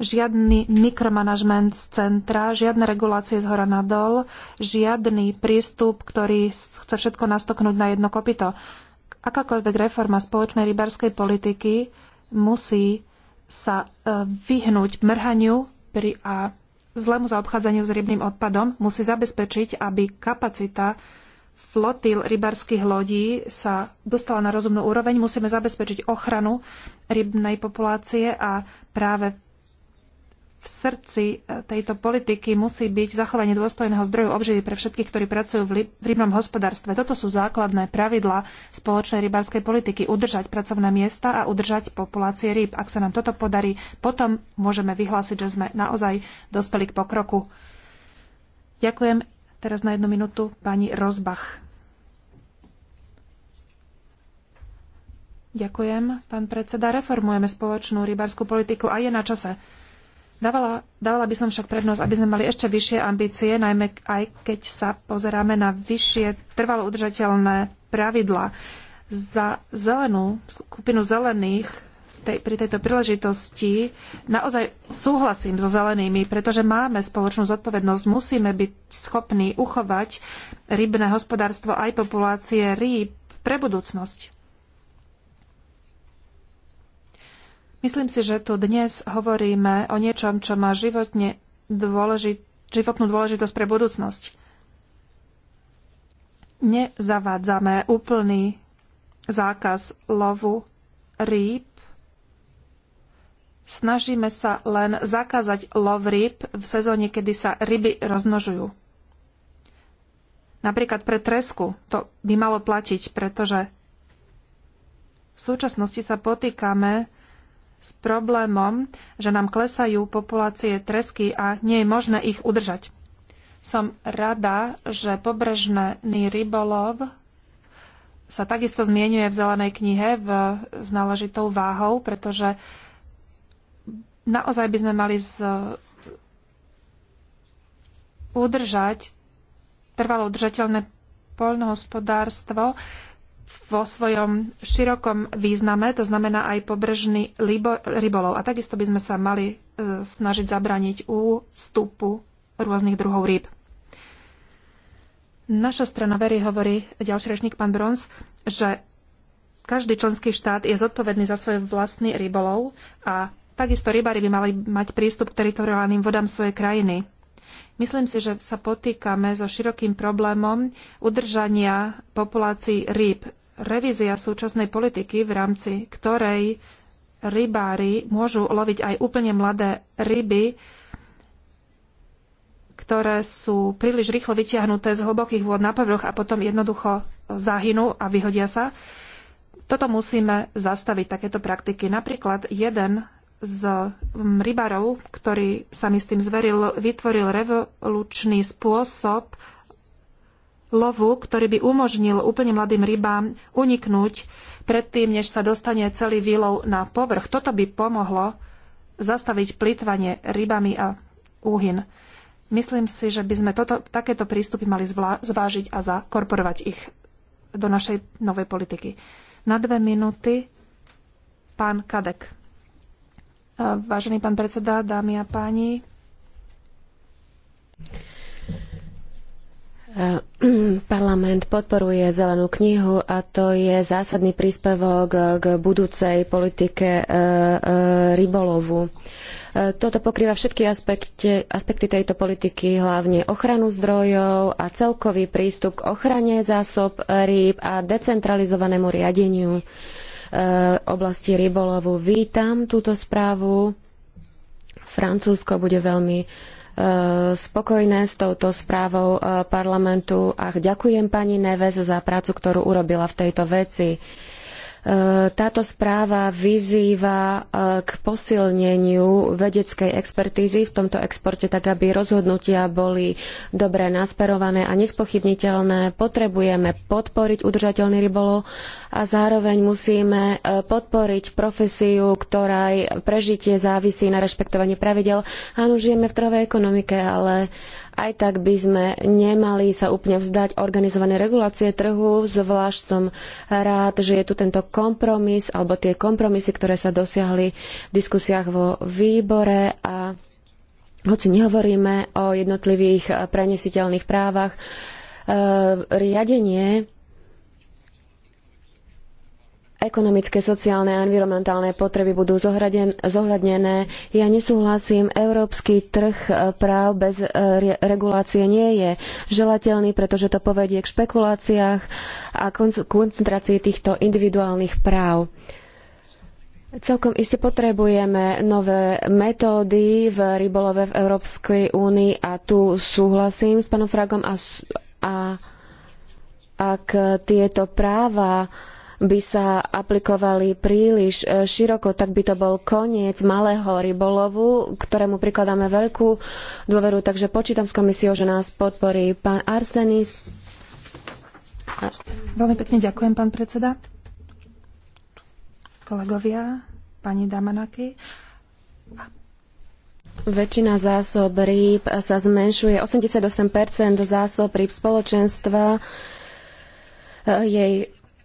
Žiadny mikromanažment z centra, žiadne regulácie z hora na dol, žiadny prístup, ktorý chce všetko nastoknúť na jedno kopito. Akákoľvek reforma spoločnej rybárskej politiky musí sa e, vyhnúť mrhaniu pri a zlému zaobchádzaniu s rybným odpadom, musí zabezpečiť, aby kapacita flotil rybarských lodí sa dostala na rozumnú úroveň, musíme zabezpečiť ochranu rybnej populácie a práve v srdci e, tejto politiky musí byť zachovanie dôstojného zdroju obživy pre všetkých, ktorí pracujú v rybnom hospodárstve. Toto sú základné pravidlá spoločnej rybárskej politiky. Udržať pracovné miesta a udržať populácie rýb. Ak sa nám toto podarí, potom môžeme vyhlásiť, že sme naozaj dospeli k pokroku. Ďakujem Teraz na jednu minútu pani Rozbach. Ďakujem, pán predseda. Reformujeme spoločnú rybárskú politiku a je na čase. Dávala, dávala by som však prednosť, aby sme mali ešte vyššie ambície, najmä aj keď sa pozeráme na vyššie trvalo udržateľné pravidla. Za zelenú skupinu zelených tej, pri tejto príležitosti naozaj súhlasím so zelenými, pretože máme spoločnú zodpovednosť. Musíme byť schopní uchovať rybné hospodárstvo aj populácie rýb pre budúcnosť. Myslím si, že tu dnes hovoríme o niečom, čo má životne dôležit, životnú dôležitosť pre budúcnosť. Nezavádzame úplný zákaz lovu rýb Snažíme sa len zakázať lov rýb v sezóne, kedy sa ryby rozmnožujú. Napríklad pre tresku to by malo platiť, pretože v súčasnosti sa potýkame s problémom, že nám klesajú populácie tresky a nie je možné ich udržať. Som rada, že pobrežný rybolov sa takisto zmienuje v zelenej knihe v, s náležitou váhou, pretože naozaj by sme mali z, udržať trvalo udržateľné poľnohospodárstvo vo svojom širokom význame, to znamená aj pobrežný rybolov. A takisto by sme sa mali e, snažiť zabraniť ústupu rôznych druhov rýb. Naša strana verí, hovorí ďalší rečník pán Brons, že každý členský štát je zodpovedný za svoj vlastný rybolov a Takisto rybári by mali mať prístup k teritoriálnym vodám svojej krajiny. Myslím si, že sa potýkame so širokým problémom udržania populácií rýb. Revízia súčasnej politiky, v rámci ktorej rybári môžu loviť aj úplne mladé ryby, ktoré sú príliš rýchlo vyťahnuté z hlbokých vôd na povrch a potom jednoducho zahynú a vyhodia sa. Toto musíme zastaviť, takéto praktiky. Napríklad jeden z mm, rybárov, ktorý sa mi s tým zveril, vytvoril revolučný spôsob lovu, ktorý by umožnil úplne mladým rybám uniknúť predtým, než sa dostane celý výlov na povrch. Toto by pomohlo zastaviť plýtvanie rybami a úhyn. Myslím si, že by sme toto, takéto prístupy mali zvážiť a zakorporovať ich do našej novej politiky. Na dve minúty pán Kadek. Vážený pán predseda, dámy a páni, Parlament podporuje zelenú knihu a to je zásadný príspevok k budúcej politike e, e, rybolovu. E, toto pokrýva všetky aspekty, aspekty tejto politiky, hlavne ochranu zdrojov a celkový prístup k ochrane zásob rýb a decentralizovanému riadeniu. Eh, oblasti rybolovu. Vítam túto správu. Francúzsko bude veľmi eh, spokojné s touto správou eh, parlamentu a ďakujem pani Neves za prácu, ktorú urobila v tejto veci. Táto správa vyzýva e, k posilneniu vedeckej expertízy v tomto exporte, tak aby rozhodnutia boli dobre nasperované a nespochybniteľné. Potrebujeme podporiť udržateľný rybolov a zároveň musíme e, podporiť profesiu, ktorá prežitie závisí na rešpektovaní pravidel. Áno, žijeme v trhovej ekonomike, ale aj tak by sme nemali sa úplne vzdať organizované regulácie trhu, zvlášť som rád, že je tu tento kompromis, alebo tie kompromisy, ktoré sa dosiahli v diskusiách vo výbore a hoci nehovoríme o jednotlivých prenesiteľných právach, e, riadenie ekonomické, sociálne a environmentálne potreby budú zohľadnené. Ja nesúhlasím, európsky trh e, práv bez e, re regulácie nie je želateľný, pretože to povedie k špekuláciách a koncentrácii týchto individuálnych práv. Celkom iste potrebujeme nové metódy v rybolove v Európskej únii a tu súhlasím s pánom Fragom a, a ak tieto práva by sa aplikovali príliš e, široko, tak by to bol koniec malého rybolovu, ktorému prikladáme veľkú dôveru. Takže počítam s komisiou, že nás podporí pán Arsenis. Veľmi pekne ďakujem, pán predseda. Kolegovia, pani Damanaky. Väčšina zásob rýb sa zmenšuje. 88% zásob rýb spoločenstva e, jej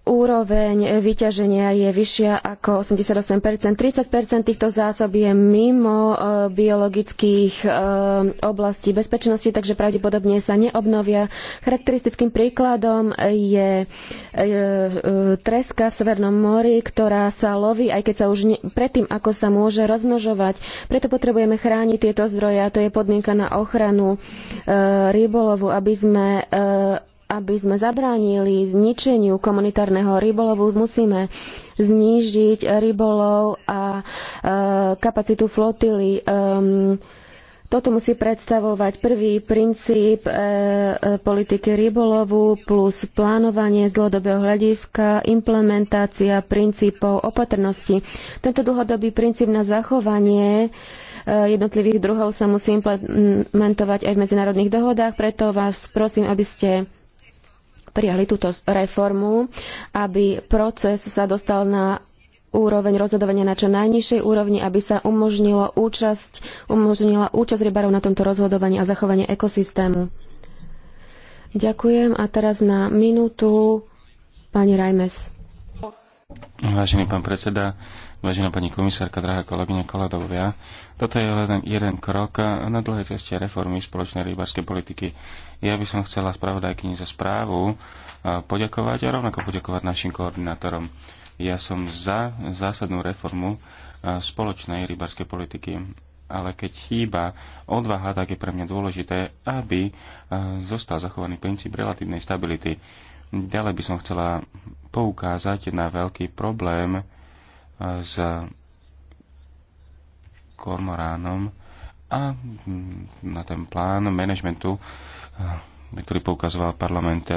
úroveň vyťaženia je vyššia ako 88%. 30% týchto zásob je mimo e, biologických e, oblastí bezpečnosti, takže pravdepodobne sa neobnovia. Charakteristickým príkladom je e, treska v Severnom mori, ktorá sa loví, aj keď sa už ne, predtým, ako sa môže rozmnožovať. Preto potrebujeme chrániť tieto zdroje a to je podmienka na ochranu rybolovu, aby sme aby sme zabránili zničeniu komunitárneho rybolovu, musíme znížiť rybolov a e, kapacitu flotily. E, toto musí predstavovať prvý princíp e, e, politiky rybolovu plus plánovanie z dlhodobého hľadiska, implementácia princípov opatrnosti. Tento dlhodobý princíp na zachovanie e, jednotlivých druhov sa musí implementovať aj v medzinárodných dohodách, preto vás prosím, aby ste prijali túto reformu, aby proces sa dostal na úroveň rozhodovania na čo najnižšej úrovni, aby sa umožnilo účasť, umožnila účasť rybárov na tomto rozhodovaní a zachovanie ekosystému. Ďakujem a teraz na minútu pani Rajmes. Vážený pán predseda, vážená pani komisárka, drahá kolegyňa Koladovia, toto je len jeden krok na dlhej ceste reformy spoločnej rybárskej politiky. Ja by som chcela spravodajkyni za správu e, poďakovať a rovnako poďakovať našim koordinátorom. Ja som za zásadnú reformu e, spoločnej rybarskej politiky, ale keď chýba odvaha, tak je pre mňa dôležité, aby e, zostal zachovaný princíp relatívnej stability. Ďalej by som chcela poukázať na veľký problém s kormoránom a hm, na ten plán manažmentu ktorý poukazoval parlament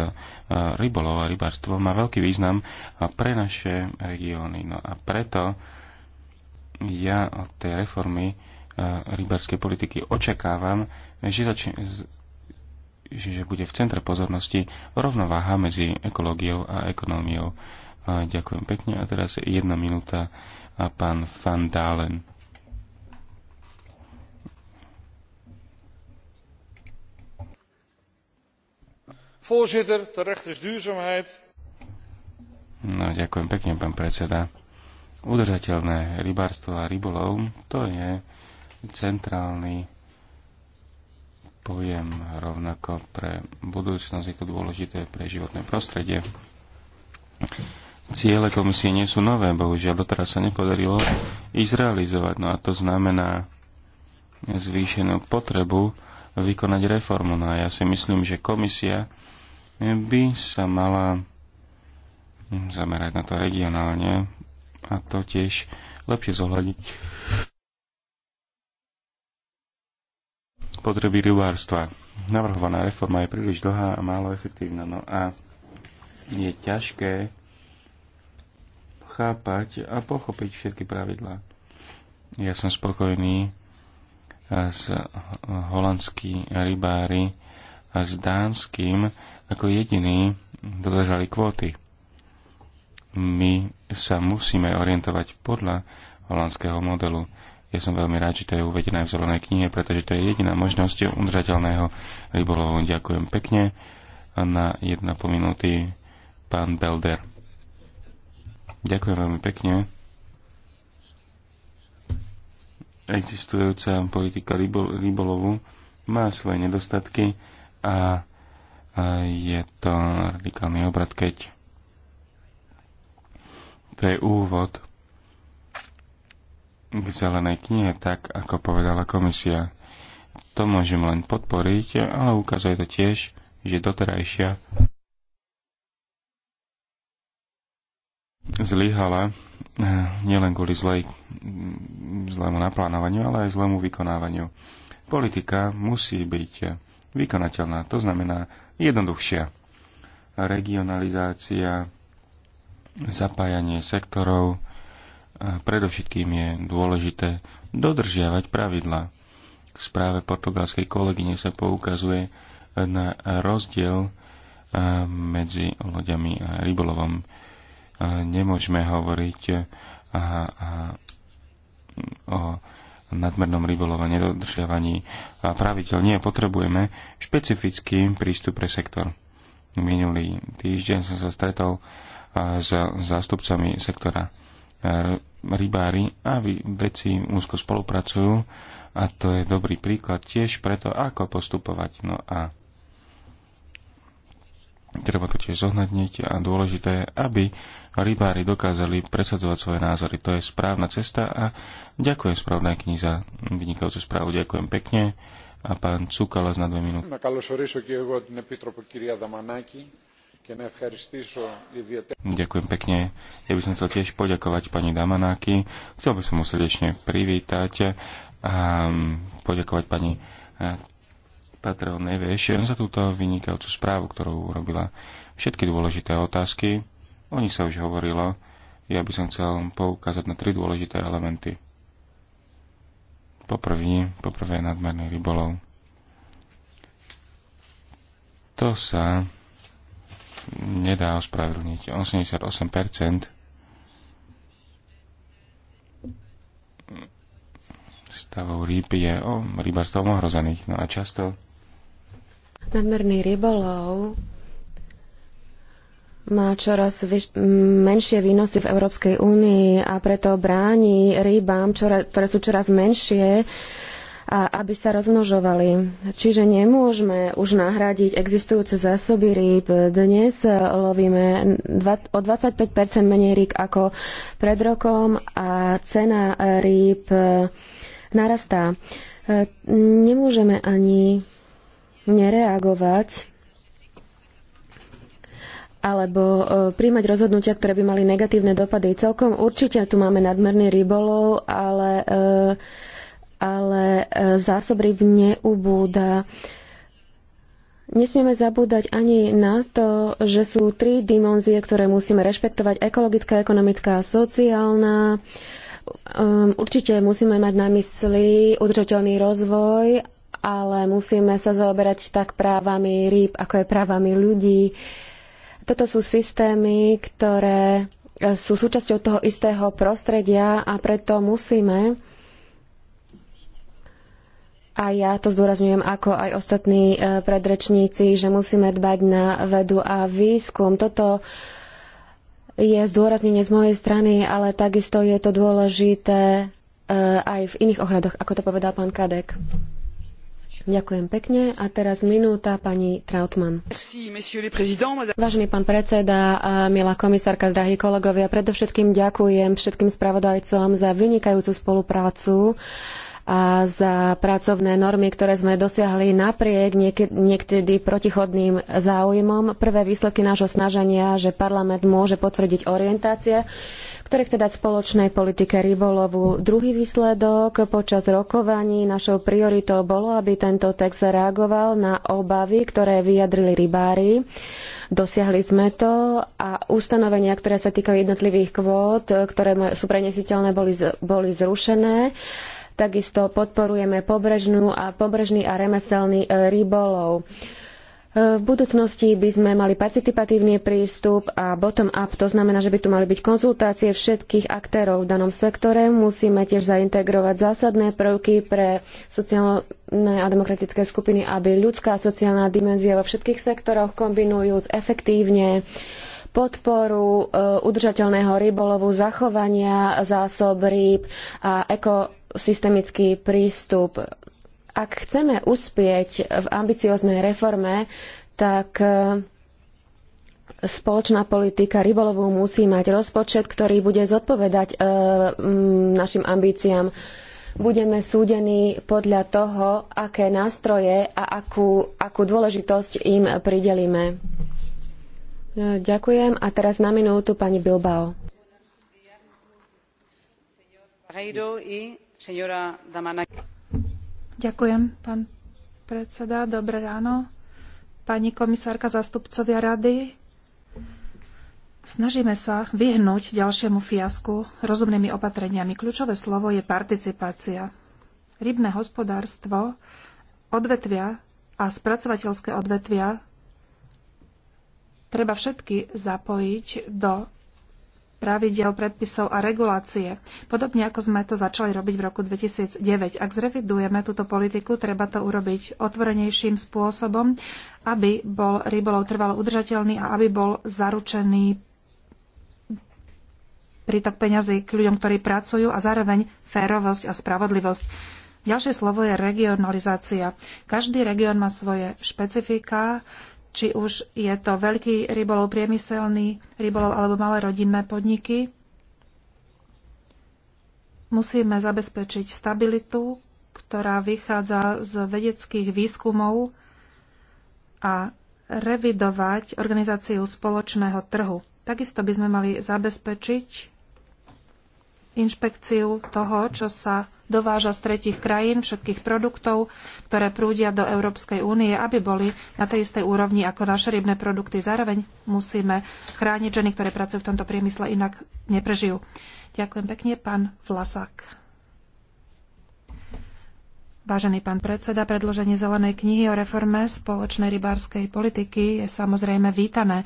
rybolov a rybarstvo, má veľký význam pre naše regióny. No a preto ja od tej reformy rybarskej politiky očakávam, že, zač- že bude v centre pozornosti rovnováha medzi ekológiou a ekonómiou. Ďakujem pekne a teraz jedna minúta a pán Van Dalen. Voorzitter, terecht is duurzaamheid. No, ďakujem pekne, pán predseda. Udržateľné rybárstvo a rybolov, to je centrálny pojem rovnako pre budúcnosť, je to dôležité pre životné prostredie. Ciele komisie nie sú nové, bohužiaľ doteraz sa nepodarilo ich zrealizovať, no a to znamená zvýšenú potrebu vykonať reformu. No a ja si myslím, že komisia by sa mala zamerať na to regionálne a to tiež lepšie zohľadiť potreby rybárstva. Navrhovaná reforma je príliš dlhá a málo efektívna, no a je ťažké chápať a pochopiť všetky pravidlá. Ja som spokojný s holandskými rybári a s dánskym ako jediní dodržali kvóty. My sa musíme orientovať podľa holandského modelu. Ja som veľmi rád, že to je uvedené v zelenej knihe, pretože to je jediná možnosť udržateľného rybolovu. Ďakujem pekne. A na po minúty pán Belder. Ďakujem veľmi pekne. Existujúca politika rybolovu má svoje nedostatky a je to radikálny obrad, keď to je úvod k zelenej knihe, tak ako povedala komisia. To môžem len podporiť, ale ukazuje to tiež, že doterajšia zlyhala eh, nielen kvôli zlej, zlému naplánovaniu, ale aj zlému vykonávaniu. Politika musí byť eh, vykonateľná, to znamená jednoduchšia. Regionalizácia, zapájanie sektorov, predovšetkým je dôležité dodržiavať pravidla. V správe portugalskej kolegyne sa poukazuje na rozdiel medzi loďami a rybolovom. Nemôžeme hovoriť a, a, o nadmernom rybolove, nedodržiavaní pravidel. Nie, potrebujeme špecifický prístup pre sektor. Minulý týždeň som sa stretol s zástupcami sektora e, rybári a veci úzko spolupracujú a to je dobrý príklad tiež preto, ako postupovať. No a Treba to tiež zohnadniť a dôležité je, aby rybári dokázali presadzovať svoje názory. To je správna cesta a ďakujem správna kniza, za vynikajúcu správu. Ďakujem pekne a pán Cukalas na dve minúty. Ďakujem pekne. Ja by som chcel tiež poďakovať pani Damanáky. Chcel by som mu srdečne privítať a poďakovať pani Patrel Neveš za túto vynikajúcu správu, ktorú urobila. Všetky dôležité otázky, o nich sa už hovorilo, ja by som chcel poukázať na tri dôležité elementy. Poprvý, poprvé nadmerný rybolov. To sa nedá ospravedlniť. 88% stavov rýb je o rybárstvom ohrozených. No a často Nadmerný rybolov má čoraz vyš- menšie výnosy v Európskej únii a preto bráni rybám, čora- ktoré sú čoraz menšie, a aby sa rozmnožovali. Čiže nemôžeme už nahradiť existujúce zásoby rýb. Dnes e, lovíme o 25 menej rýb ako pred rokom a cena e, rýb e, narastá. Nemôžeme ani nereagovať alebo e, príjmať rozhodnutia, ktoré by mali negatívne dopady. Celkom určite tu máme nadmerný rybolov, ale, e, ale e, zásob ryb neubúda. Nesmieme zabúdať ani na to, že sú tri dimenzie, ktoré musíme rešpektovať. Ekologická, ekonomická a sociálna. Ehm, určite musíme mať na mysli udržateľný rozvoj ale musíme sa zaoberať tak právami rýb, ako aj právami ľudí. Toto sú systémy, ktoré e, sú súčasťou toho istého prostredia a preto musíme a ja to zdôrazňujem ako aj ostatní e, predrečníci, že musíme dbať na vedu a výskum. Toto je zdôraznenie z mojej strany, ale takisto je to dôležité e, aj v iných ohľadoch, ako to povedal pán Kadek. Ďakujem pekne. A teraz minúta pani Trautmann. Vážený pán predseda, milá komisárka, drahí kolegovia, predovšetkým ďakujem všetkým spravodajcom za vynikajúcu spoluprácu a za pracovné normy, ktoré sme dosiahli napriek niekedy protichodným záujmom. Prvé výsledky nášho snaženia, že parlament môže potvrdiť orientácie, ktoré chce dať spoločnej politike rybolovu. Druhý výsledok počas rokovaní našou prioritou bolo, aby tento text reagoval na obavy, ktoré vyjadrili rybári. Dosiahli sme to a ustanovenia, ktoré sa týkajú jednotlivých kvót, ktoré sú prenesiteľné, boli, boli zrušené. Takisto podporujeme pobrežnú a pobrežný a remeselný e, rybolov. E, v budúcnosti by sme mali participatívny prístup a bottom-up, to znamená, že by tu mali byť konzultácie všetkých aktérov v danom sektore. Musíme tiež zaintegrovať zásadné prvky pre sociálne a demokratické skupiny, aby ľudská a sociálna dimenzia vo všetkých sektoroch kombinujúc efektívne podporu e, udržateľného rybolovu, zachovania zásob rýb a eko systemický prístup. Ak chceme uspieť v ambicióznej reforme, tak e, spoločná politika rybolovu musí mať rozpočet, ktorý bude zodpovedať e, našim ambíciám. Budeme súdení podľa toho, aké nástroje a akú, akú dôležitosť im pridelíme. E, ďakujem. A teraz na minútu pani Bilbao. Ďakujem, pán predseda. Dobré ráno. Pani komisárka, rady. Snažíme sa vyhnúť ďalšiemu fiasku rozumnými opatreniami. Kľúčové slovo je participácia. Rybné hospodárstvo, odvetvia a spracovateľské odvetvia treba všetky zapojiť do pravidel, predpisov a regulácie. Podobne ako sme to začali robiť v roku 2009. Ak zrevidujeme túto politiku, treba to urobiť otvorenejším spôsobom, aby bol rybolov trvalo udržateľný a aby bol zaručený prítok peňazí k ľuďom, ktorí pracujú a zároveň férovosť a spravodlivosť. Ďalšie slovo je regionalizácia. Každý región má svoje špecifika, či už je to veľký rybolov, priemyselný rybolov alebo malé rodinné podniky. Musíme zabezpečiť stabilitu, ktorá vychádza z vedeckých výskumov a revidovať organizáciu spoločného trhu. Takisto by sme mali zabezpečiť inšpekciu toho, čo sa dováža z tretich krajín, všetkých produktov, ktoré prúdia do Európskej únie, aby boli na tej istej úrovni ako naše rybné produkty. Zároveň musíme chrániť ženy, ktoré pracujú v tomto priemysle, inak neprežijú. Ďakujem pekne, pán Vlasák. Vážený pán predseda, predloženie zelenej knihy o reforme spoločnej rybárskej politiky je samozrejme vítané.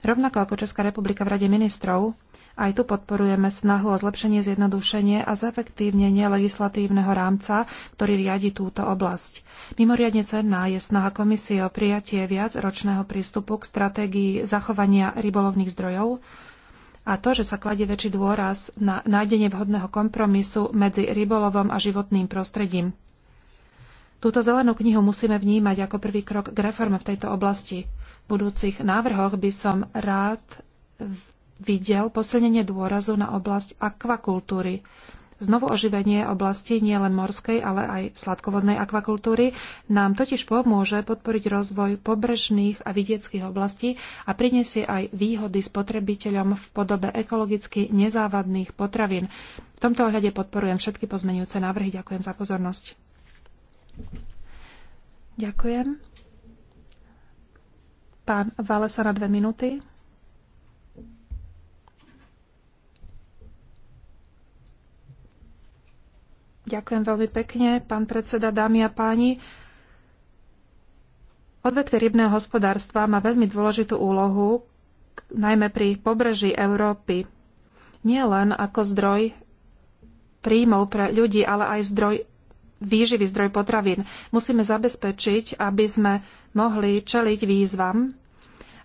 Rovnako ako Česká republika v Rade ministrov, aj tu podporujeme snahu o zlepšenie, zjednodušenie a zefektívnenie legislatívneho rámca, ktorý riadi túto oblasť. Mimoriadne cenná je snaha komisie o prijatie viac ročného prístupu k stratégii zachovania rybolovných zdrojov a to, že sa kladie väčší dôraz na nájdenie vhodného kompromisu medzi rybolovom a životným prostredím. Túto zelenú knihu musíme vnímať ako prvý krok k reforme v tejto oblasti. V budúcich návrhoch by som rád videl posilnenie dôrazu na oblasť akvakultúry. Znovu oživenie oblasti nielen morskej, ale aj sladkovodnej akvakultúry nám totiž pomôže podporiť rozvoj pobrežných a vidieckých oblastí a prinesie aj výhody spotrebiteľom v podobe ekologicky nezávadných potravín. V tomto ohľade podporujem všetky pozmenujúce návrhy. Ďakujem za pozornosť. Ďakujem. Pán sa na dve minúty. Ďakujem veľmi pekne, pán predseda, dámy a páni. Odvetvie rybného hospodárstva má veľmi dôležitú úlohu, najmä pri pobreží Európy. Nie len ako zdroj príjmov pre ľudí, ale aj zdroj výživy, zdroj potravín. Musíme zabezpečiť, aby sme mohli čeliť výzvam,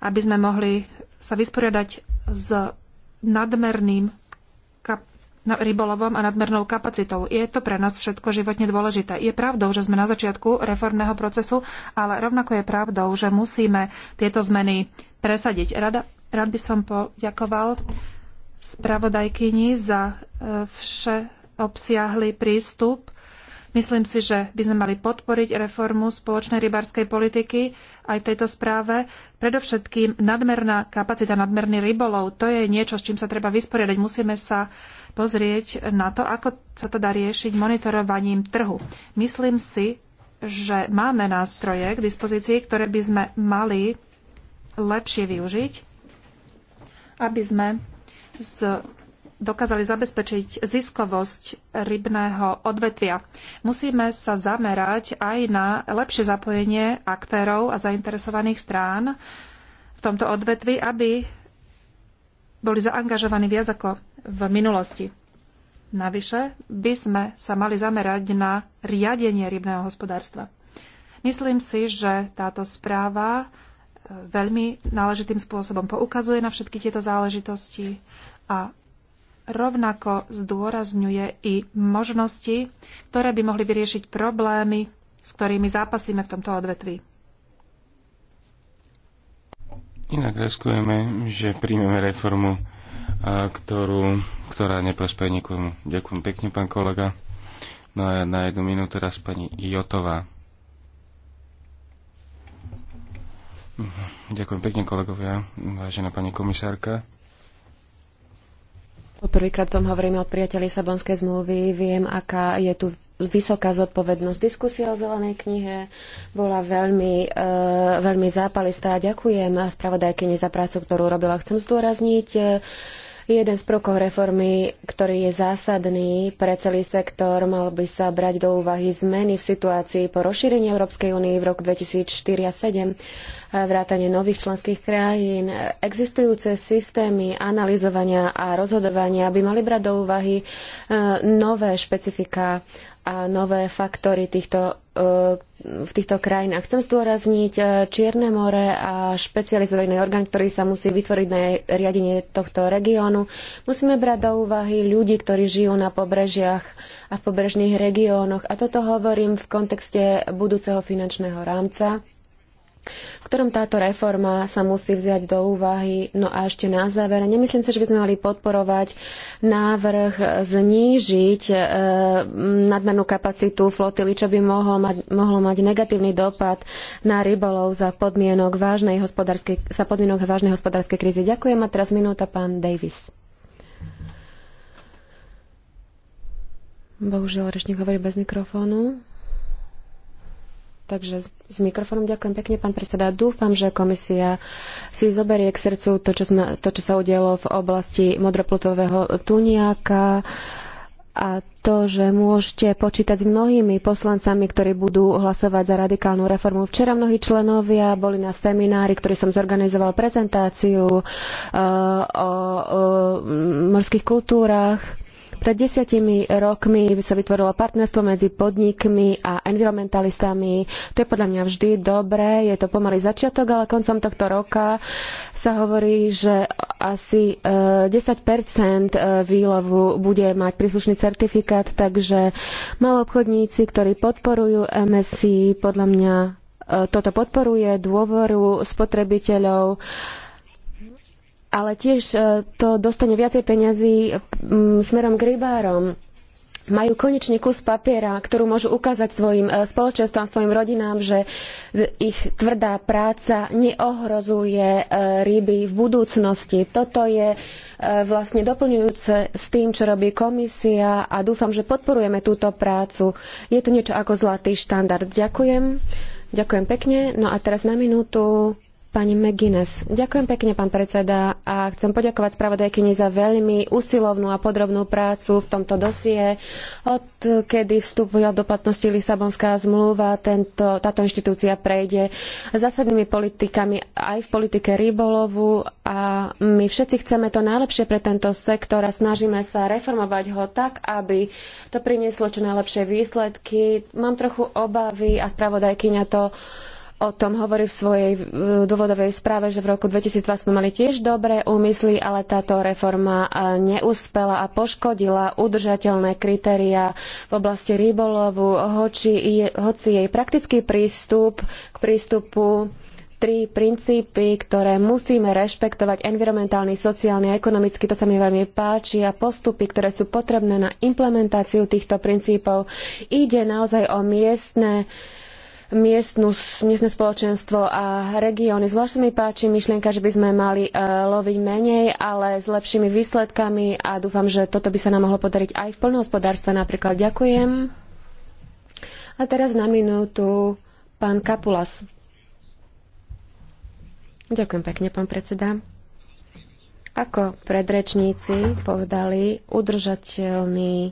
aby sme mohli sa vysporiadať s nadmerným rybolovom a nadmernou kapacitou. Je to pre nás všetko životne dôležité. Je pravdou, že sme na začiatku reformného procesu, ale rovnako je pravdou, že musíme tieto zmeny presadiť. Rada, rád by som poďakoval spravodajkyni za e, vše obsiahly prístup Myslím si, že by sme mali podporiť reformu spoločnej rybárskej politiky aj v tejto správe. Predovšetkým nadmerná kapacita, nadmerný rybolov, to je niečo, s čím sa treba vysporiadať. Musíme sa pozrieť na to, ako sa to dá riešiť monitorovaním trhu. Myslím si, že máme nástroje k dispozícii, ktoré by sme mali lepšie využiť, aby sme z dokázali zabezpečiť ziskovosť rybného odvetvia. Musíme sa zamerať aj na lepšie zapojenie aktérov a zainteresovaných strán v tomto odvetvi, aby boli zaangažovaní viac ako v minulosti. Navyše by sme sa mali zamerať na riadenie rybného hospodárstva. Myslím si, že táto správa e, veľmi náležitým spôsobom poukazuje na všetky tieto záležitosti a rovnako zdôrazňuje i možnosti, ktoré by mohli vyriešiť problémy, s ktorými zápasíme v tomto odvetví. Inak riskujeme, že príjmeme reformu, ktorú, ktorá neprospeje nikomu. Ďakujem pekne, pán kolega. No a na jednu minútu teraz pani Jotová. Ďakujem pekne, kolegovia, vážená pani komisárka. Poprvýkrát tom hovoríme o prijatí Lisabonskej zmluvy. Viem, aká je tu vysoká zodpovednosť. Diskusia o zelenej knihe bola veľmi, e, veľmi zápalistá. Ďakujem spravodajkyni za prácu, ktorú robila. Chcem zdôrazniť e, jeden z prokov reformy, ktorý je zásadný pre celý sektor, mal by sa brať do úvahy zmeny v situácii po rozšírení Európskej únie v roku 2004 a 2007 vrátane nových členských krajín. Existujúce systémy analyzovania a rozhodovania by mali brať do úvahy e, nové špecifika a nové faktory týchto, e, v týchto krajinách. Chcem zdôrazniť e, Čierne more a špecializovaný orgán, ktorý sa musí vytvoriť na riadenie tohto regiónu. Musíme brať do úvahy ľudí, ktorí žijú na pobrežiach a v pobrežných regiónoch. A toto hovorím v kontexte budúceho finančného rámca v ktorom táto reforma sa musí vziať do úvahy. No a ešte na záver, nemyslím si, že by sme mali podporovať návrh znížiť e, nadmernú kapacitu flotily, čo by mohol mať, mohlo mať negatívny dopad na rybolov za podmienok vážnej hospodárskej, za podmienok vážnej hospodárskej krízy. Ďakujem a teraz minúta pán Davis. Bohužiaľ, rečník hovorí bez mikrofónu. Takže s mikrofónom ďakujem pekne, pán predseda. Dúfam, že komisia si zoberie k srdcu to, čo, sme, to, čo sa udialo v oblasti modroplutového tuniaka a to, že môžete počítať s mnohými poslancami, ktorí budú hlasovať za radikálnu reformu. Včera mnohí členovia boli na seminári, ktorý som zorganizoval prezentáciu uh, o, o morských kultúrach pred desiatimi rokmi sa vytvorilo partnerstvo medzi podnikmi a environmentalistami. To je podľa mňa vždy dobré, je to pomaly začiatok, ale koncom tohto roka sa hovorí, že asi 10 eh, eh, výlovu bude mať príslušný certifikát, takže maloobchodníci, ktorí podporujú MSI, podľa mňa eh, toto podporuje dôveru spotrebiteľov ale tiež e, to dostane viacej peňazí smerom k rybárom. Majú konečne kus papiera, ktorú môžu ukázať svojim e, spoločenstvám, svojim rodinám, že e, ich tvrdá práca neohrozuje ryby v budúcnosti. Toto je vlastne doplňujúce s tým, čo robí komisia a dúfam, že podporujeme túto prácu. Je to niečo ako zlatý štandard. Ďakujem. Ďakujem pekne. No a teraz na minútu Pani McGuinness, ďakujem pekne, pán predseda, a chcem poďakovať spravodajkyni za veľmi usilovnú a podrobnú prácu v tomto dosie. Od kedy vstúpila do platnosti Lisabonská zmluva, tento, táto inštitúcia prejde zásadnými politikami aj v politike rybolovu a my všetci chceme to najlepšie pre tento sektor a snažíme sa reformovať ho tak, aby to prinieslo čo najlepšie výsledky. Mám trochu obavy a spravodajkyňa to o tom hovorí v svojej dôvodovej správe, že v roku 2002 sme mali tiež dobré úmysly, ale táto reforma e, neúspela a poškodila udržateľné kritériá v oblasti rybolovu, hoci jej praktický prístup k prístupu tri princípy, ktoré musíme rešpektovať, environmentálny, sociálny a ekonomický, to sa mi veľmi páči, a postupy, ktoré sú potrebné na implementáciu týchto princípov. Ide naozaj o miestne uh, miestnu, miestne spoločenstvo a regióny. Zvlášť sa mi páči myšlienka, že by sme mali uh, loviť menej, ale s lepšími výsledkami a dúfam, že toto by sa nám mohlo podariť aj v poľnohospodárstve napríklad. Ďakujem. A teraz na minútu pán Kapulas. Ďakujem pekne, pán predseda. Ako predrečníci povedali, udržateľný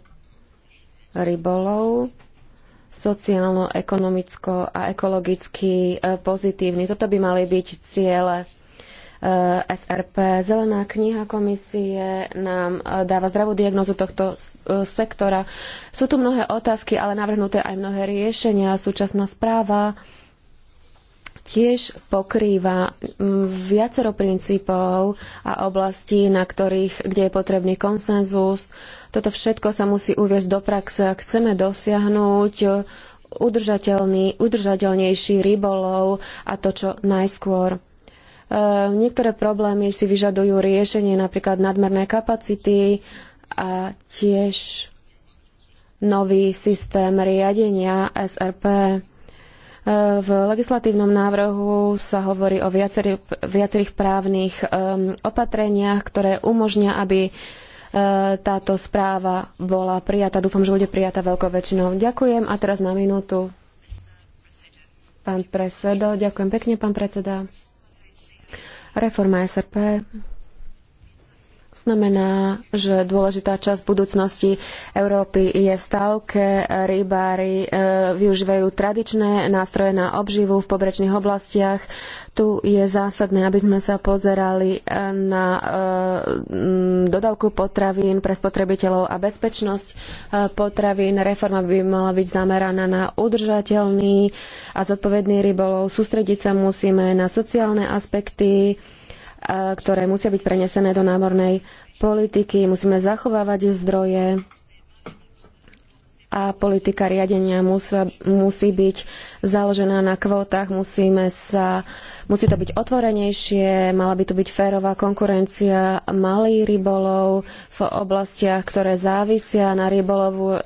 rybolov sociálno, ekonomicko a ekologicky e, pozitívny. Toto by mali byť ciele e, SRP. Zelená kniha komisie nám e, dáva zdravú diagnozu tohto sektora. Sú tu mnohé otázky, ale navrhnuté aj mnohé riešenia. Súčasná správa tiež pokrýva viacero princípov a oblastí, na ktorých, kde je potrebný konsenzus toto všetko sa musí uviezť do praxe. Ak chceme dosiahnuť eh, udržateľný, udržateľnejší rybolov a to čo najskôr. Eh, niektoré problémy si vyžadujú riešenie, napríklad nadmerné kapacity a tiež nový systém riadenia SRP. Eh, v legislatívnom návrhu sa hovorí o viacerých, viacerých právnych um, opatreniach, ktoré umožnia, aby E, táto správa bola prijatá. Dúfam, že bude prijatá veľkou väčšinou. Ďakujem a teraz na minútu. Pán predsedo, ďakujem pekne, pán predseda. Reforma SRP znamená, že dôležitá časť budúcnosti Európy je v stavke. Rybári e, využívajú tradičné nástroje na obživu v pobrečných oblastiach. Tu je zásadné, aby sme sa pozerali e, na e, dodávku potravín pre spotrebiteľov a bezpečnosť potravín. Reforma by mala byť zameraná na udržateľný a zodpovedný rybolov. Sústrediť sa musíme na sociálne aspekty, E, ktoré musia byť prenesené do námornej politiky. Musíme zachovávať zdroje a politika riadenia musia, musí byť založená na kvótach. Musíme sa Musí to byť otvorenejšie, mala by tu byť férová konkurencia malých rybolov v oblastiach, ktoré závisia na rybolovu,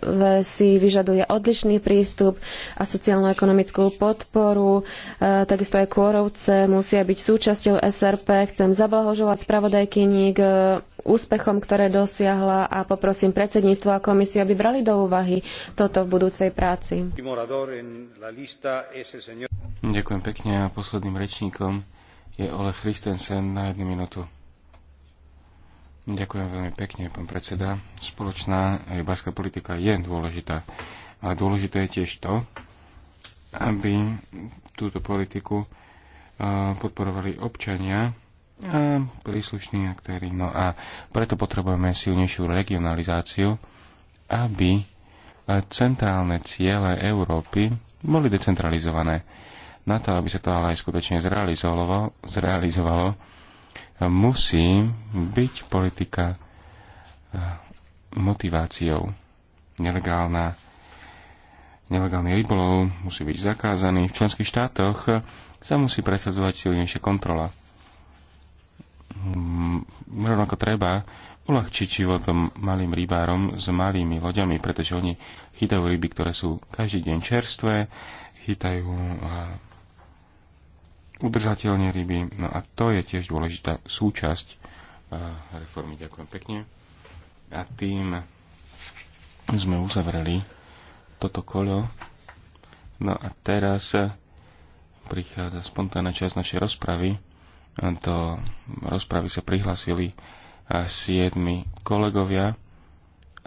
si vyžaduje odlišný prístup a sociálno-ekonomickú podporu. E, takisto aj kôrovce musia byť súčasťou SRP. Chcem zablahoželať spravodajkyni k e, úspechom, ktoré dosiahla a poprosím predsedníctvo a komisiu, aby brali do úvahy toto v budúcej práci. Ďakujem pekne a posledným rečníkom je Ole Christensen na jednu minútu. Ďakujem veľmi pekne, pán predseda. Spoločná rybárska politika je dôležitá, ale dôležité je tiež to, aby túto politiku e, podporovali občania a príslušní aktéry. No a preto potrebujeme silnejšiu regionalizáciu, aby e, centrálne ciele Európy boli decentralizované na to, aby sa to ale aj skutočne zrealizovalo, zrealizovalo musí byť politika e, motiváciou. Nelegálna, nelegálny rybolov musí byť zakázaný. V členských štátoch sa musí presadzovať silnejšia kontrola. Mm, rovnako treba uľahčiť životom malým rybárom s malými loďami, pretože oni chytajú ryby, ktoré sú každý deň čerstvé, chytajú udržateľne ryby. No a to je tiež dôležitá súčasť eh, reformy. Ďakujem pekne. A tým sme uzavreli toto kolo. No a teraz prichádza spontánna časť našej rozpravy. Do rozpravy sa prihlasili eh, siedmi kolegovia,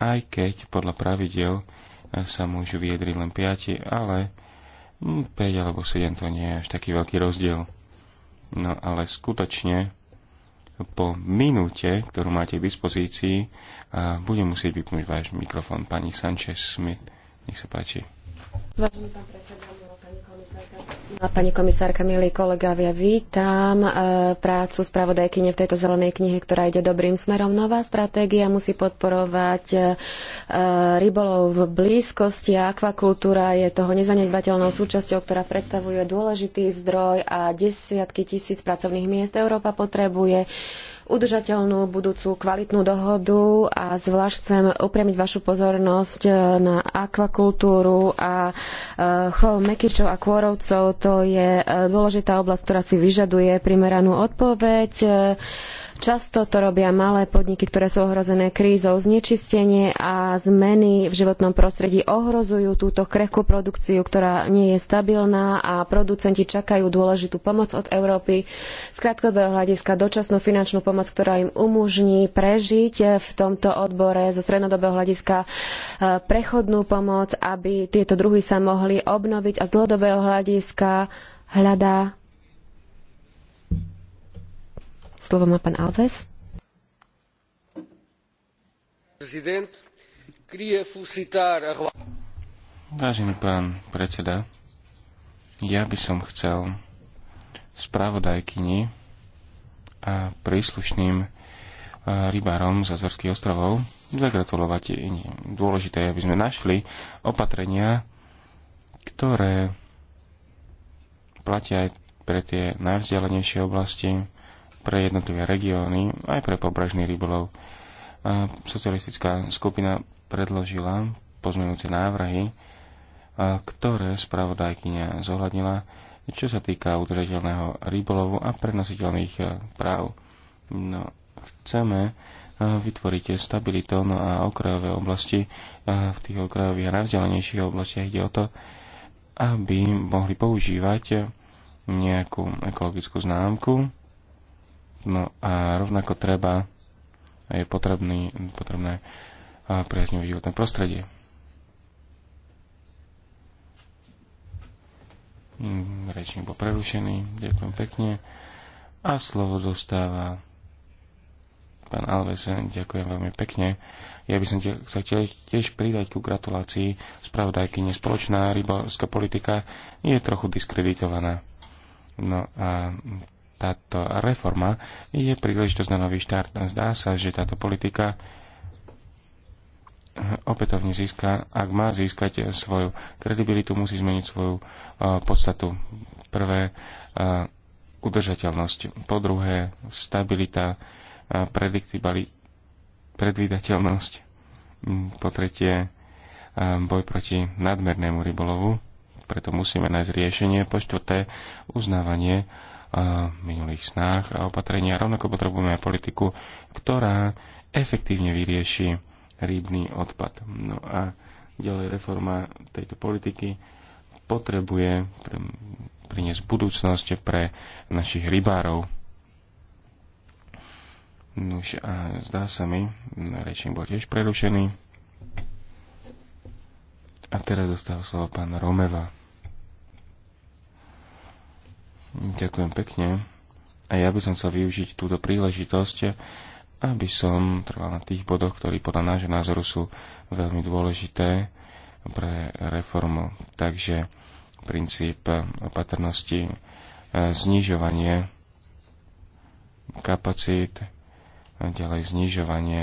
aj keď podľa pravidel eh, sa môžu vyjadriť len piati, ale 5 hm, alebo 7 to nie je až taký veľký rozdiel. No ale skutočne po minúte, ktorú máte k dispozícii, budem musieť vypnúť váš mikrofón. Pani Sanchez Smith, nech sa páči. Vážený pán predseda, Pani komisárka, milí kolegovia, vítam e, prácu spravodajkyne v tejto zelenej knihe, ktorá ide dobrým smerom. Nová stratégia musí podporovať e, e, rybolov v blízkosti a akvakultúra je toho nezanedbateľnou súčasťou, ktorá predstavuje dôležitý zdroj a desiatky tisíc pracovných miest Európa potrebuje udržateľnú budúcu kvalitnú dohodu a zvlášť chcem upriamiť vašu pozornosť e, na akvakultúru a e, chov mekyčov a kôrovcov. To je e, dôležitá oblasť, ktorá si vyžaduje primeranú odpoveď. Často to robia malé podniky, ktoré sú ohrozené krízou. Znečistenie a zmeny v životnom prostredí ohrozujú túto krehkú produkciu, ktorá nie je stabilná a producenti čakajú dôležitú pomoc od Európy. Z krátkodobého hľadiska dočasnú finančnú pomoc, ktorá im umožní prežiť v tomto odbore, zo strednodobého hľadiska e, prechodnú pomoc, aby tieto druhy sa mohli obnoviť a z dlhodobého hľadiska hľadá Slovo má pán Alves. Vážený pán predseda, ja by som chcel spravodajkyni a príslušným e, rybárom z Azorských ostrovov zagratulovať. Dôležité je, aby sme našli opatrenia, ktoré platia aj pre tie najvzdialenejšie oblasti, pre jednotlivé regióny, aj pre pobrežný rybolov. A socialistická skupina predložila pozmeňujúce návrhy, ktoré spravodajkynia zohľadnila, čo sa týka udržateľného rybolovu a prenositeľných e, práv. No, chceme e, vytvoriť stabilitu no a okrajové oblasti e, v tých okrajových a najvzdialenejších oblastiach ide o to, aby mohli používať nejakú ekologickú známku, No a rovnako treba a je potrebný, potrebné priaznivé životné prostredie. Mm, rečník bol prerušený, ďakujem pekne. A slovo dostáva pán Alves, ďakujem veľmi pekne. Ja by som sa chcel tiež pridať ku gratulácii spravodajky. Spoločná rybalská politika je trochu diskreditovaná. No a táto reforma je príležitosť na nový štart. Zdá sa, že táto politika opätovne získa, ak má získať svoju kredibilitu, musí zmeniť svoju e, podstatu. Prvé, e, udržateľnosť. Po druhé, stabilita, e, predvídateľnosť. Po tretie, boj proti nadmernému rybolovu. Preto musíme nájsť riešenie. Po štvrté, uznávanie minulých snách a opatrenia. Rovnako potrebujeme politiku, ktorá efektívne vyrieši rýbný odpad. No a ďalej reforma tejto politiky potrebuje priniesť budúcnosť pre našich rybárov. Nuž a zdá sa mi, rečník bol tiež prerušený. A teraz dostal slovo pán Romeva. Ďakujem pekne. A ja by som chcel využiť túto príležitosť, aby som trval na tých bodoch, ktorí podľa nášho názoru sú veľmi dôležité pre reformu. Takže princíp opatrnosti, e, znižovanie kapacít, ďalej znižovanie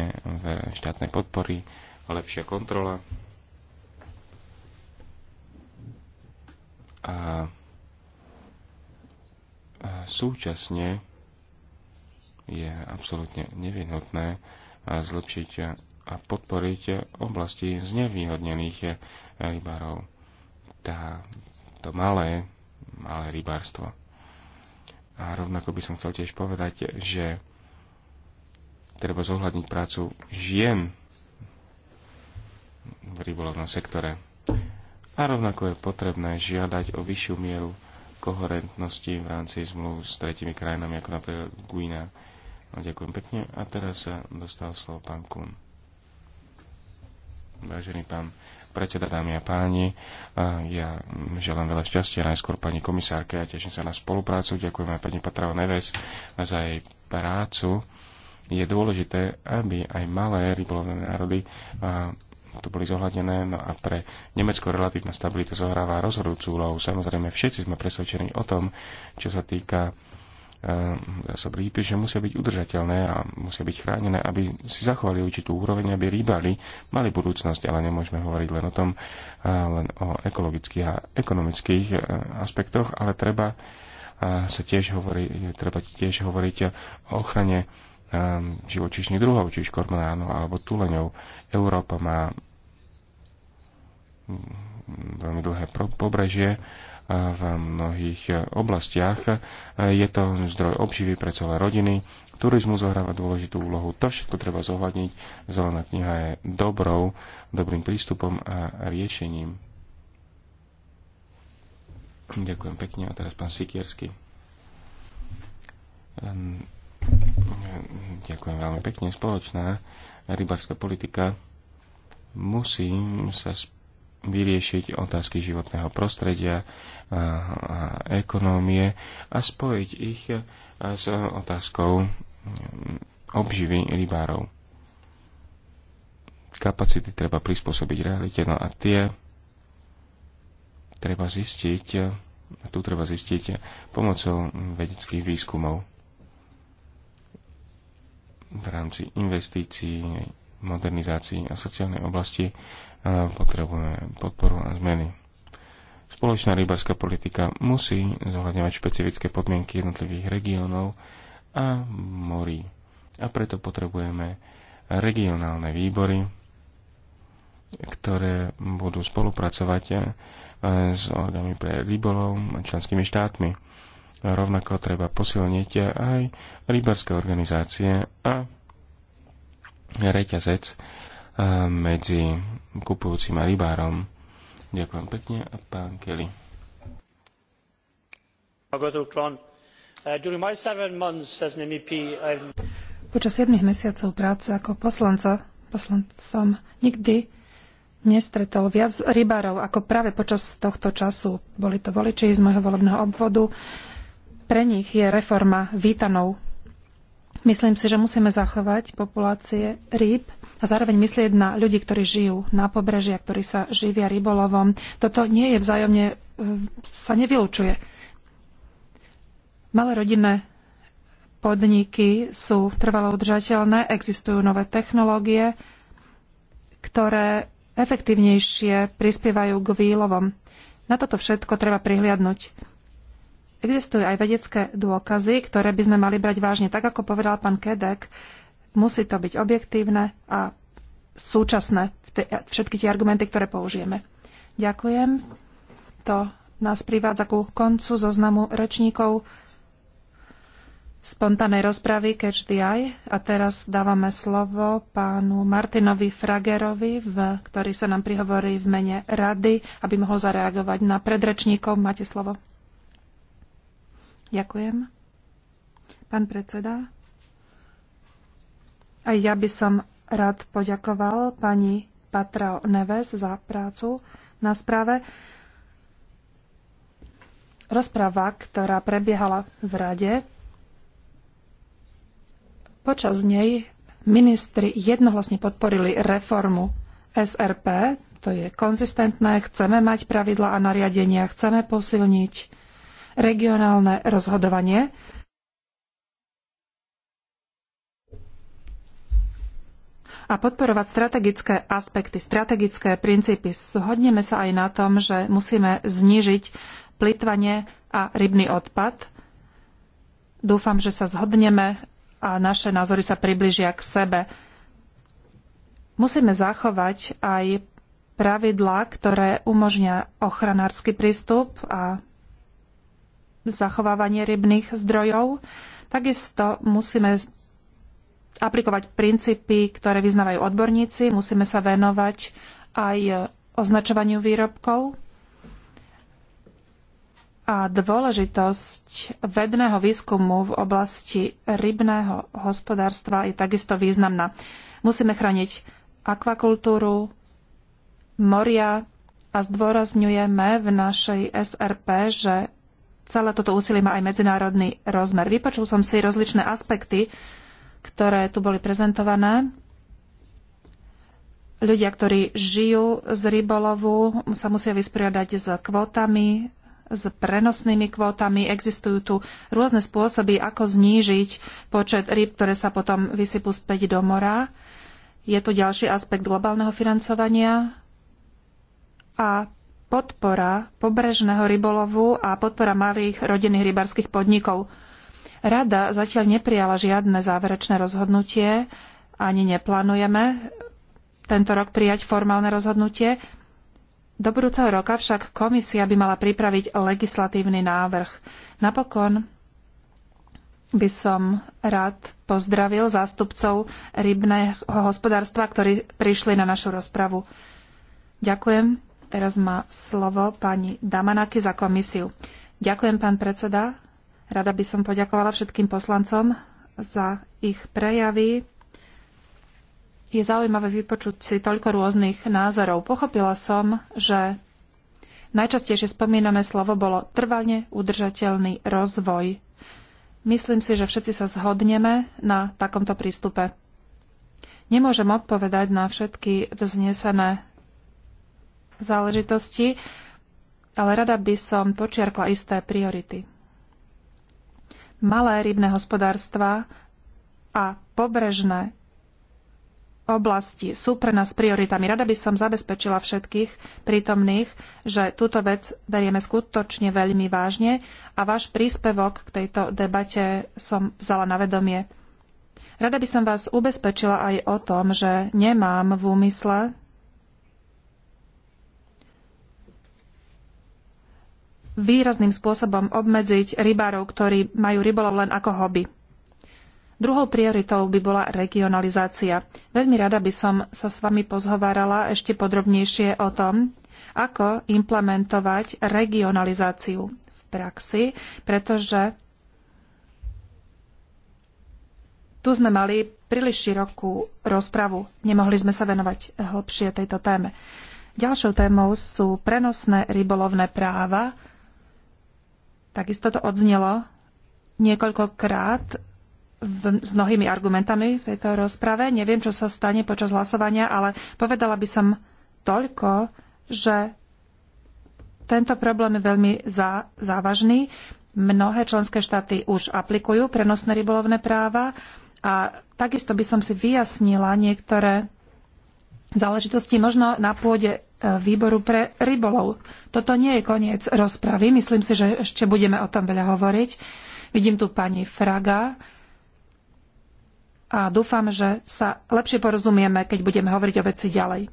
štátnej podpory, lepšia kontrola a súčasne je absolútne nevyhnutné zlepšiť a podporiť oblasti znevýhodnených rybárov. Tá, to malé, malé rybárstvo. A rovnako by som chcel tiež povedať, že treba zohľadniť prácu žien v rybolovnom sektore. A rovnako je potrebné žiadať o vyššiu mieru koherentnosti v rámci zmluv s tretimi krajinami, ako napríklad Guina. No, ďakujem pekne. A teraz sa dostal slovo pán Kun. Vážený pán predseda, dámy a páni, ja želám veľa šťastia najskôr pani komisárke a teším sa na spoluprácu. Ďakujem aj pani Patrava Neves za jej prácu. Je dôležité, aby aj malé rybolovné národy to boli zohľadené. No a pre Nemecko relatívna stabilita zohráva rozhodujúcu úlohu. Samozrejme, všetci sme presvedčení o tom, čo sa týka ehm, zásob rýb, že musia byť udržateľné a musia byť chránené, aby si zachovali určitú úroveň, aby rýbali mali budúcnosť, ale nemôžeme hovoriť len o tom, len o ekologických a ekonomických e, aspektoch, ale treba sa tiež hovoriť, treba tiež hovoriť o ochrane živočíšnych ehm, druhov, či už kormoránov alebo tuleňov. Európa má mm, veľmi dlhé pobrežie v mnohých e, oblastiach. E, je to zdroj obživy pre celé rodiny. Turizmus zohráva dôležitú úlohu. To všetko treba zohľadniť. Zelená kniha je dobrou, dobrým prístupom a riešením. Ďakujem pekne. A teraz pán Sikiersky. Ehm, Ďakujem veľmi pekne. Spoločná rybárska politika musí sa vyriešiť otázky životného prostredia a, ekonómie a spojiť ich s otázkou obživy rybárov. Kapacity treba prispôsobiť realite, no a tie treba zistiť, a tu treba zistiť pomocou vedeckých výskumov v rámci investícií, modernizácií a sociálnej oblasti e, potrebujeme podporu a zmeny. Spoločná rybárska politika musí zohľadňovať špecifické podmienky jednotlivých regiónov a morí. A preto potrebujeme regionálne výbory, ktoré budú spolupracovať e, s orgánmi pre rybolov a členskými štátmi Rovnako treba posilniť aj rybárske organizácie a reťazec e, medzi kupujúcim a rybárom. Ďakujem pekne a pán Kelly. Počas 7 mesiacov práce ako poslanca, poslancom nikdy nestretol viac rybárov ako práve počas tohto času. Boli to voliči z môjho volebného obvodu, pre nich je reforma vítanou. Myslím si, že musíme zachovať populácie rýb a zároveň myslieť na ľudí, ktorí žijú na pobrežia, ktorí sa živia rybolovom. Toto nie je vzájomne, e, sa nevylučuje. Malé rodinné podniky sú trvalo udržateľné, existujú nové technológie, ktoré efektívnejšie prispievajú k výlovom. Na toto všetko treba prihliadnúť existujú aj vedecké dôkazy, ktoré by sme mali brať vážne. Tak ako povedal pán Kedek, musí to byť objektívne a súčasné, všetky tie argumenty, ktoré použijeme. Ďakujem. To nás privádza ku koncu zoznamu rečníkov spontánej rozpravy Catch the Eye. A teraz dávame slovo pánu Martinovi Fragerovi, v, ktorý sa nám prihovorí v mene rady, aby mohol zareagovať na predrečníkov. Máte slovo. Ďakujem. Pán predseda, aj ja by som rád poďakoval pani Patra Neves za prácu na správe. Rozpráva, ktorá prebiehala v rade, počas nej ministri jednohlasne podporili reformu SRP, to je konzistentné, chceme mať pravidla a nariadenia, chceme posilniť regionálne rozhodovanie. a podporovať strategické aspekty, strategické princípy. Zhodneme sa aj na tom, že musíme znížiť plitvanie a rybný odpad. Dúfam, že sa zhodneme a naše názory sa približia k sebe. Musíme zachovať aj pravidlá, ktoré umožňa ochranársky prístup a zachovávanie rybných zdrojov. Takisto musíme aplikovať princípy, ktoré vyznávajú odborníci, musíme sa venovať aj označovaniu výrobkov a dôležitosť vedného výskumu v oblasti rybného hospodárstva je takisto významná. Musíme chrániť akvakultúru, moria a zdôrazňujeme v našej SRP, že celé toto úsilie má aj medzinárodný rozmer. Vypočul som si rozličné aspekty, ktoré tu boli prezentované. Ľudia, ktorí žijú z rybolovu, sa musia vysporiadať s kvótami, s prenosnými kvótami. Existujú tu rôzne spôsoby, ako znížiť počet ryb, ktoré sa potom vysypú späť do mora. Je tu ďalší aspekt globálneho financovania a podpora pobrežného rybolovu a podpora malých rodinných rybarských podnikov. Rada zatiaľ neprijala žiadne záverečné rozhodnutie, ani neplánujeme tento rok prijať formálne rozhodnutie. Do budúceho roka však komisia by mala pripraviť legislatívny návrh. Napokon by som rád pozdravil zástupcov rybného hospodárstva, ktorí prišli na našu rozpravu. Ďakujem Teraz má slovo pani Damanaky za komisiu. Ďakujem, pán predseda. Rada by som poďakovala všetkým poslancom za ich prejavy. Je zaujímavé vypočuť si toľko rôznych názorov. Pochopila som, že najčastejšie spomínané slovo bolo trvalne udržateľný rozvoj. Myslím si, že všetci sa zhodneme na takomto prístupe. Nemôžem odpovedať na všetky vznesené záležitosti, ale rada by som počiarkla isté priority. Malé rybné hospodárstva a pobrežné oblasti sú pre nás prioritami. Rada by som zabezpečila všetkých prítomných, že túto vec berieme skutočne veľmi vážne a váš príspevok k tejto debate som vzala na vedomie. Rada by som vás ubezpečila aj o tom, že nemám v úmysle výrazným spôsobom obmedziť rybárov, ktorí majú rybolov len ako hobby. Druhou prioritou by bola regionalizácia. Veľmi rada by som sa s vami pozhovárala ešte podrobnejšie o tom, ako implementovať regionalizáciu v praxi, pretože tu sme mali príliš širokú rozpravu. Nemohli sme sa venovať hlbšie tejto téme. Ďalšou témou sú prenosné rybolovné práva Takisto to odznelo niekoľkokrát v, s mnohými argumentami v tejto rozprave. Neviem, čo sa stane počas hlasovania, ale povedala by som toľko, že tento problém je veľmi zá, závažný. Mnohé členské štáty už aplikujú prenosné rybolovné práva a takisto by som si vyjasnila niektoré záležitosti možno na pôde e, výboru pre rybolov. Toto nie je koniec rozpravy. Myslím si, že ešte budeme o tom veľa hovoriť. Vidím tu pani Fraga a dúfam, že sa lepšie porozumieme, keď budeme hovoriť o veci ďalej.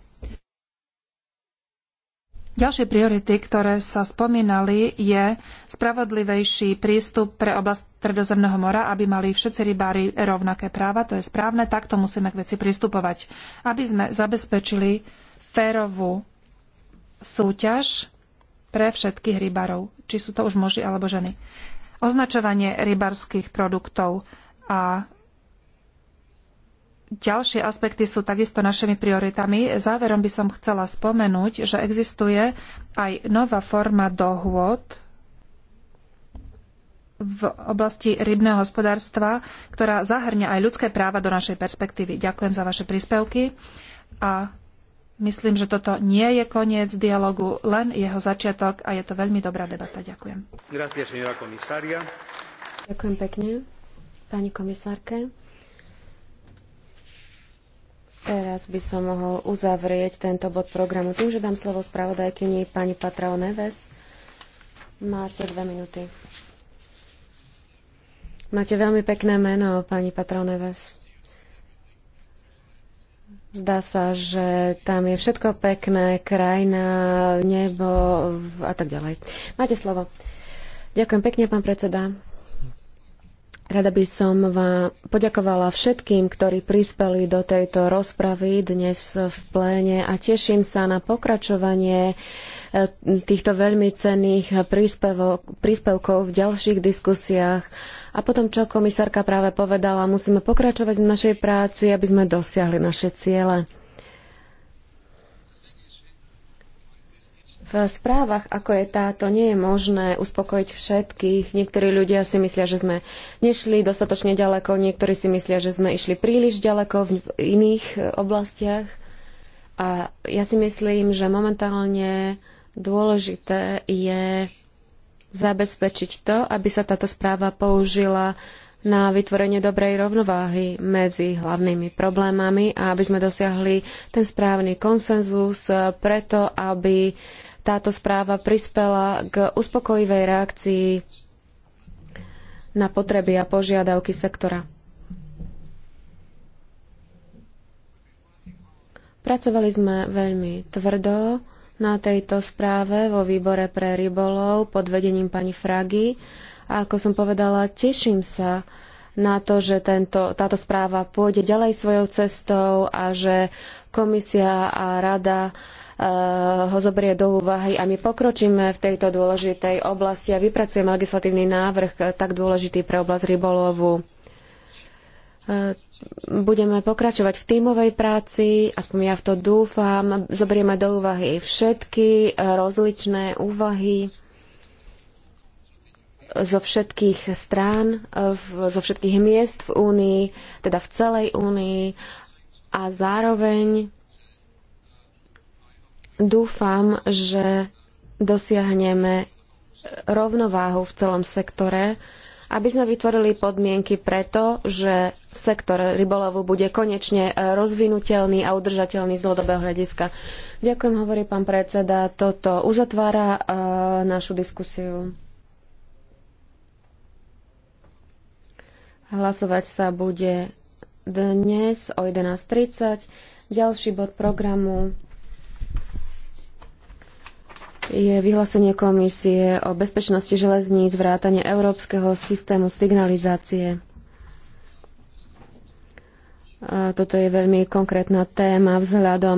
Ďalšie priority, ktoré sa spomínali, je spravodlivejší prístup pre oblast Stredozemného mora, aby mali všetci rybári rovnaké práva. To je správne, takto musíme k veci pristupovať. Aby sme zabezpečili férovú súťaž pre všetkých rybárov, či sú to už muži alebo ženy. Označovanie rybarských produktov a Ďalšie aspekty sú takisto našimi prioritami. Záverom by som chcela spomenúť, že existuje aj nová forma dohôd v oblasti rybného hospodárstva, ktorá zahrňa aj ľudské práva do našej perspektívy. Ďakujem za vaše príspevky a myslím, že toto nie je koniec dialogu, len jeho začiatok a je to veľmi dobrá debata. Ďakujem. Gracias, Ďakujem pekne. Pani komisárke. Teraz by som mohol uzavrieť tento bod programu tým, že dám slovo spravodajkyni pani Patrao Neves. Máte dve minúty. Máte veľmi pekné meno, pani Patrao Neves. Zdá sa, že tam je všetko pekné, krajina, nebo a tak ďalej. Máte slovo. Ďakujem pekne, pán predseda. Rada by som vám poďakovala všetkým, ktorí prispeli do tejto rozpravy dnes v pléne a teším sa na pokračovanie e, týchto veľmi cenných príspevkov v ďalších diskusiách. A potom, čo komisárka práve povedala, musíme pokračovať v našej práci, aby sme dosiahli naše ciele. V správach, ako je táto, nie je možné uspokojiť všetkých. Niektorí ľudia si myslia, že sme nešli dostatočne ďaleko, niektorí si myslia, že sme išli príliš ďaleko v iných e, oblastiach. A ja si myslím, že momentálne dôležité je zabezpečiť to, aby sa táto správa použila na vytvorenie dobrej rovnováhy medzi hlavnými problémami a aby sme dosiahli ten správny konsenzus e, preto, aby táto správa prispela k uspokojivej reakcii na potreby a požiadavky sektora. Pracovali sme veľmi tvrdo na tejto správe vo výbore pre rybolov pod vedením pani Fragy. A ako som povedala, teším sa na to, že tento, táto správa pôjde ďalej svojou cestou a že komisia a rada Eh, ho zoberie do úvahy a my pokročíme v tejto dôležitej oblasti a vypracujeme legislatívny návrh eh, tak dôležitý pre oblasť rybolovu. Eh, budeme pokračovať v tímovej práci, aspoň ja v to dúfam. Zoberieme do úvahy všetky rozličné úvahy zo všetkých strán, zo všetkých miest v Únii, teda v celej Únii a zároveň Dúfam, že dosiahneme rovnováhu v celom sektore, aby sme vytvorili podmienky preto, že sektor rybolovu bude konečne rozvinutelný a udržateľný z dlhodobého hľadiska. Ďakujem, hovorí pán predseda. Toto uzatvára uh, našu diskusiu. Hlasovať sa bude dnes o 11.30. Ďalší bod programu je vyhlásenie komisie o bezpečnosti železníc vrátane európskeho systému signalizácie. A toto je veľmi konkrétna téma vzhľadom